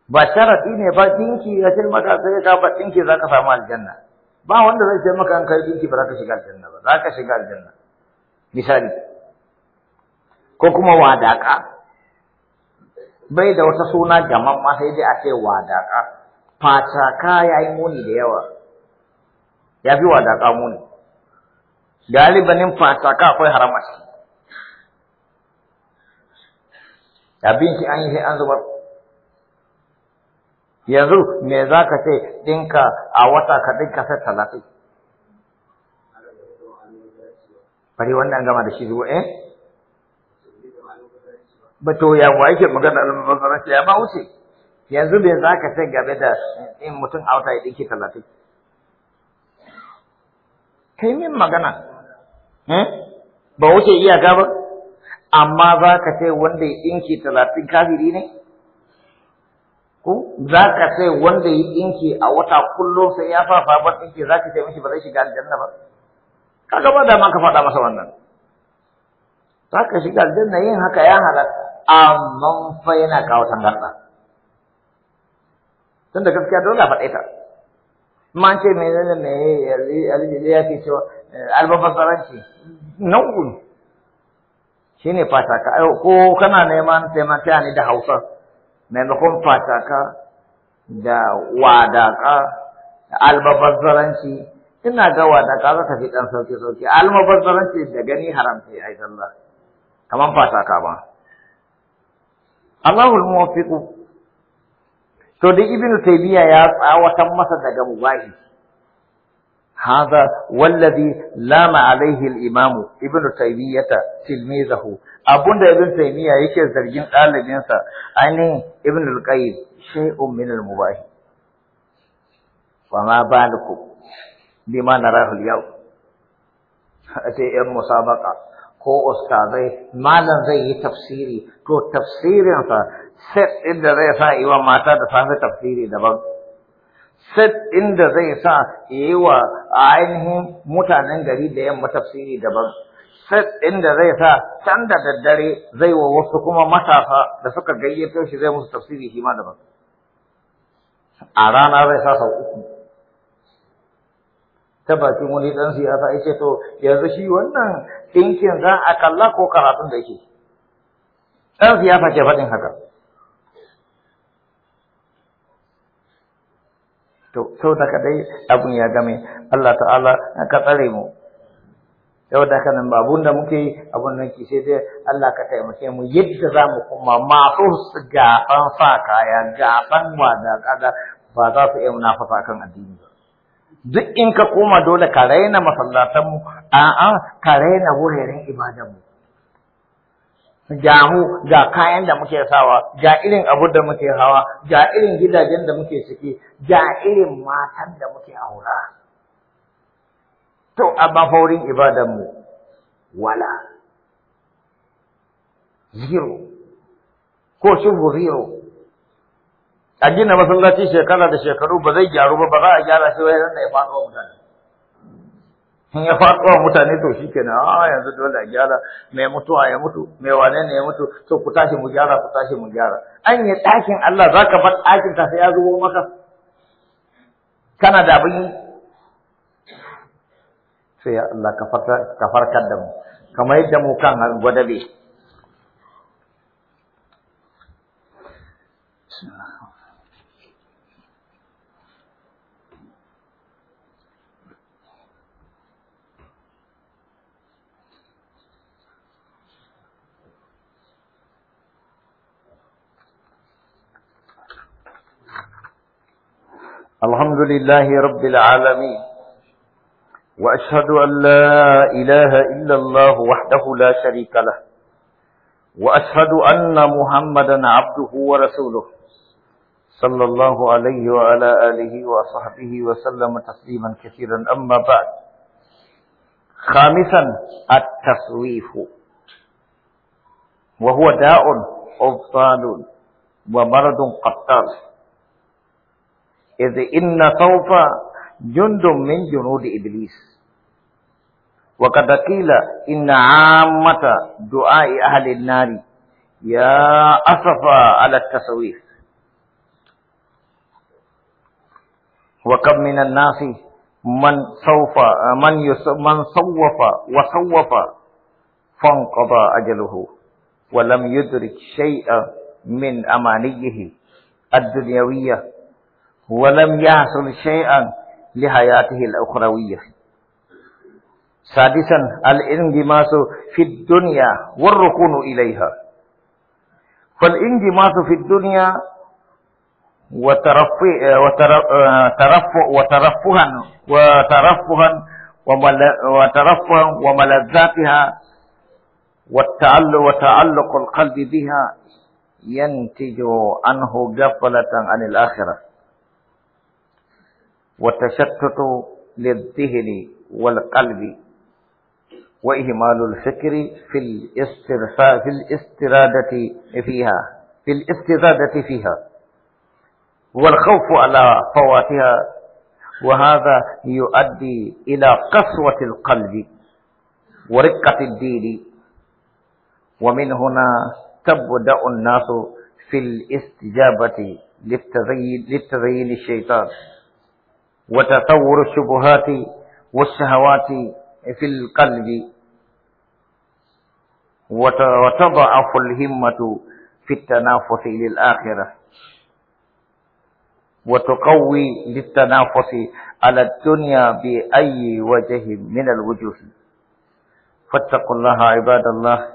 Ba sharaɗi ne ba dinki ya ce maka sai ka ba dinki za ka samu aljanna. Ba wanda zai ce maka an kai dinki ba za ka shiga aljanna ba, za ka shiga aljanna. Misali, ko kuma wadaƙa. Bai da wata suna gaman ma sai dai a ce wadaƙa. Fataka ya yi muni da yawa. ya fi wadaƙa muni galibanin fasaka akwai haram a abin shi an yi an zubar yanzu me za ka ce ɗinka a wata ka dinka sai talafi bari wannan gama da shi zuwa eh ba to ya wa yake magana almubazzaranci ya ba wuce yanzu me za ka ce game da in mutum a wata ya ɗinki talatin kai min magana hmm? ba wuce iyaka ba amma za ka sai wanda ya ɗinki talatin kafiri ne ko za ka sai wanda ya ɗinki a wata kullum sai ya sa sabon ɗinki za ka sai mishi ba zai shiga aljanna ba kaga ba da ka faɗa masa wannan za ka shiga aljanna yin haka ya halatta amma fa yana kawo tangarɗa tunda gaskiya dole a faɗe ta man ce mai zane mai da ya ke cewa eh, albabasaranci nau'un shi ne fataka ko kana neman taimaka ne da hausa maimakon fataka da wadaka albabasaranci ina ga wadaka za ka fi ɗan sauke-sauke albabasaranci da gani haramta ya yi sallah kamar fataka ba Allahul muwaffiqu to da ibnu taymiya ya tsawatan masa daga mubahi هذا والذي لام عليه الإمام ابن تيمية تلميذه أبن ابن تيمية يكي زرجين قال لنسا أني ابن القيم شيء من المباح وما بالكم بما نراه اليوم أتي مسابقة ko ustazai malam zai yi tafsiri to tafsirinsa set inda zai ah, sa yi wa mata da safe tafsiri daban set inda zai ah, sa yi wa ainihin mutanen gari da yamma tafsiri daban set inda zai sa can da daddare zai wa wasu kuma matasa da suka gayyato shi zai musu tafsiri shi ma daban a rana zai sa sau uku ta bakin wani dan siyasa ya ce to yanzu shi wannan ɗinkin za a kalla ko karatun da yake ɗan siyasa ke faɗin haka to sau da kadai abun ya game Allah ta'ala ka tsare mu yau da kanan ba abun da muke yi abun nan ki sai dai Allah ka taimake mu yadda za mu kuma masu gaban sa kaya gaban wada kada ba za su iya munafafa kan addini ba duk in ka koma dole ka raina masallatan mu a'a ka raina wuraren ibadan mu ga mu ga kayan da muke sawa ga irin abu da muke hawa ga irin gidajen da muke ciki ga irin matan da muke aura to amma faurin ibadanmu wala zero ko shubu zero a gina masallaci shekara da shekaru ba zai gyaru ba ba za a gyara shi wai ran da ya faɗo mutane in ya wa mutane to shi kenan a ah, yanzu dole a gyara mai mutuwa ya mutu mai wane ne ya mutu to ku tashi mu gyara ku tashi mu gyara an yi ɗakin Allah za ka bar ɗakin ta sai ya zubo maka kana da abin yi sai ya Allah ka farkar da mu kamar yadda mu kan gwadabe. الحمد لله رب العالمين وأشهد أن لا إله إلا الله وحده لا شريك له وأشهد أن محمدا عبده ورسوله صلى الله عليه وعلى آله وصحبه وسلم تسليما كثيرا أما بعد خامسا التصويف وهو داء أبطال ومرض قتال إذ إن سوف جند من جنود إبليس وقد قيل إن عامة دعاء أهل النار يا أسفا على التسويف وكم من الناس من سوف من من صوف وصوف فانقضى أجله ولم يدرك شيئا من أمانيه الدنيوية ولم يحصل شيئا لحياته الأخروية سادسا الانغماس في الدنيا والركون إليها فالانغماس في الدنيا وترفه وترفع وترفها وترفها وترفها وملذاتها والتعلق وتعلق القلب بها ينتج عنه غفلة عن الآخرة وتشتت للذهن والقلب وإهمال الفكر في في الاسترادة فيها في الاستزادة فيها والخوف على فواتها وهذا يؤدي إلى قسوة القلب ورقة الدين ومن هنا تبدأ الناس في الاستجابة للتزيين الشيطان وتثور الشبهات والشهوات في القلب وتضعف الهمة في التنافس للآخرة وتقوي للتنافس على الدنيا بأي وجه من الوجوه فاتقوا الله عباد الله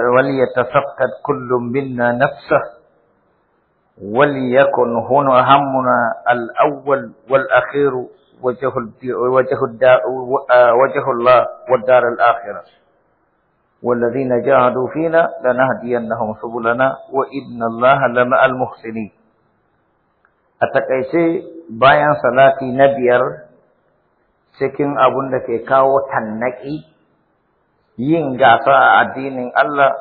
وليتفقد كل منا نفسه وليكن هنا همنا الأول والأخير وجه وجه آه، وجه الله والدار الآخرة والذين جاهدوا فينا لنهدينهم سبلنا وإن الله لمع المحسنين أتكيسي bayan salati na biyar cikin abun da ke kawo tannaki yin gasa a addinin Allah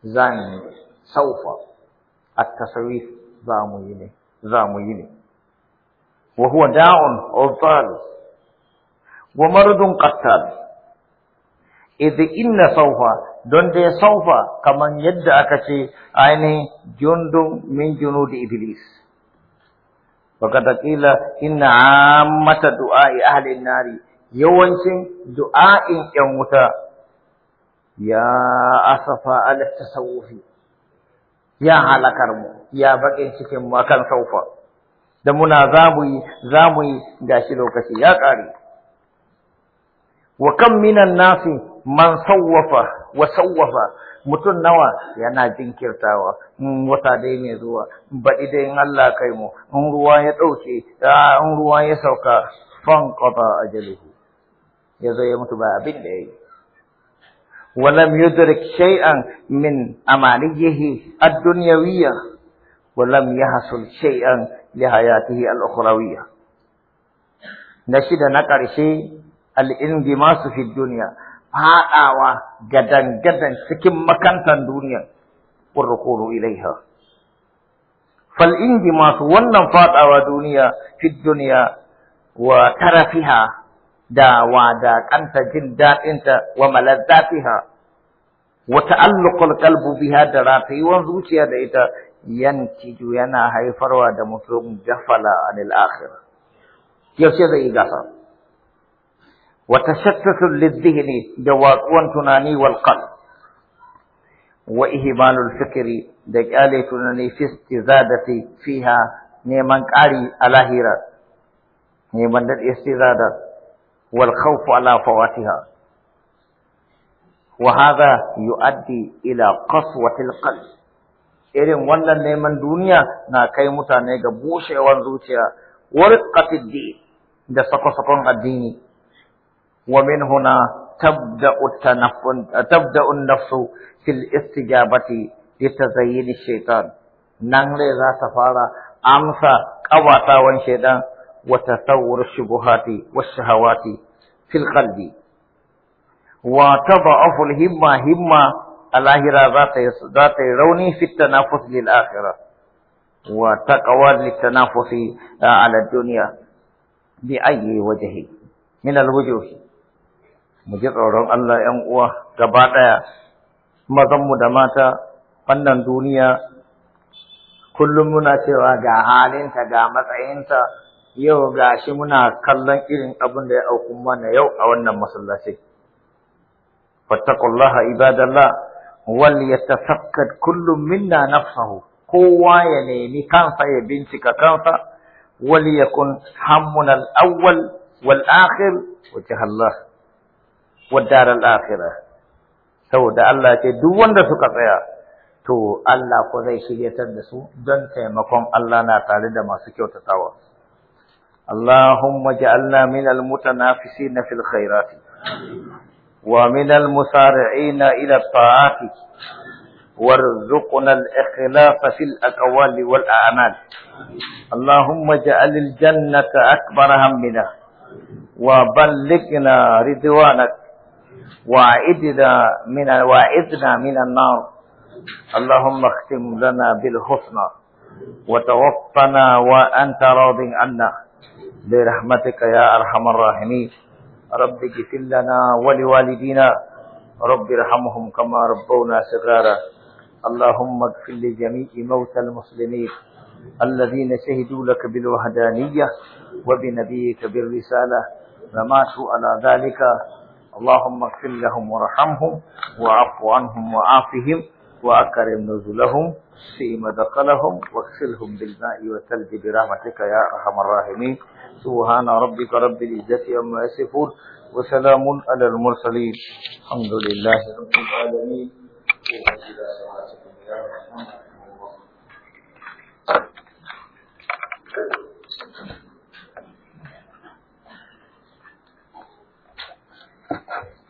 zan saufa at-tasawif za mu yi ne za mu yi ne wa huwa da'un ubtal wa maradun qattal idh inna sawfa don dai saufa kaman yadda aka ce ainihin jundun min junudi iblis وقد قيل إن عامة دعاء أهل النار يوانسين دعاء يموتا يا أسفا على التصوف ya halakar mu ya baƙin cikin mu akan saufa da muna zamu yi zamu yi gashi lokaci ya ƙare wa kam minan nasi man sawwafa wa sawwafa mutum nawa yana jinkirtawa in wata dai mai zuwa baɗi dai in Allah kai mu in ruwa ya ɗauke in ruwa ya sauka fan a ajalihi ya zai ya mutu ba abin da ولم يدرك شيئا من أماليه الدنيوية ولم يحصل شيئا لحياته الأخروية نشد شيء الانغماس في الدنيا فاقاوا جدا جدا سكم مكان الدنيا والركون إليها فالانغماس ونن دنيا في الدنيا وترفها دا واداكنت جدا انت وملذاتها وتألق القلب بها دراتي وانزوشي ديتا ينتج ينا هيفر ودا مطلوب جفلا عن الآخرة يوشي ذي قصر وتشتت للذهن جواقون تناني والقلب وإهمال الفكر دجالي تناني في استزادة فيها نيمانك قاري على هيرا نيمان استزادة والخوف على فواتها وهذا يؤدي إلى قسوة القلب irin wannan neman duniya na kai mutane ga bushewar zuciya warqatid di da sako-sakon addini wa min huna tabda'u tanaffun tabda'u nafsu fil istijabati li tazayyin shaytan nan ne za ta fara amsa kawatawan shaytan وتثور الشبهات والشهوات في القلب وتضعف الهمة همة الاهرة ذات ذات روني في التنافس للآخرة وتقوى للتنافس آه، على الدنيا بأي وجه من الوجوه مجد الله ينقوى كبعد مضم دماتا فنن دنيا كل muna cewa ga halinta ga yau gashi muna kallon irin abin da ya auku mana yau a wannan masallaci fattaqullaha ibadallah wal yatafakkad kullu minna nafsahu kowa ya nemi kansa ya bincika kansa wal ya kun al awwal wal akhir wajh Allah wad dar al saboda Allah ce duk wanda suka tsaya to Allah ko zai shiryatar da su don taimakon Allah na tare da masu kyautatawa اللهم اجعلنا من المتنافسين في الخيرات ومن المسارعين إلى الطاعات وارزقنا الإخلاف في الأقوال والأعمال اللهم اجعل الجنة أكبر همنا وبلغنا رضوانك وعدنا من وعدنا من النار اللهم اختم لنا بالحسنى وتوفنا وأنت راض عنا برحمتك يا أرحم الراحمين رب اغفر لنا ولوالدينا رب ارحمهم كما ربونا صغارا اللهم اغفر لجميع موتى المسلمين الذين شهدوا لك بالوحدانية وبنبيك بالرسالة وماتوا على ذلك اللهم اغفر لهم وارحمهم وعف عنهم وعافهم وأكرم نزلهم فيما دخلهم واغسلهم بالماء والثلج برحمتك يا أرحم الراحمين سبحان ربك رب العزة عما يصفون وسلام على المرسلين الحمد لله رب العالمين Thank you.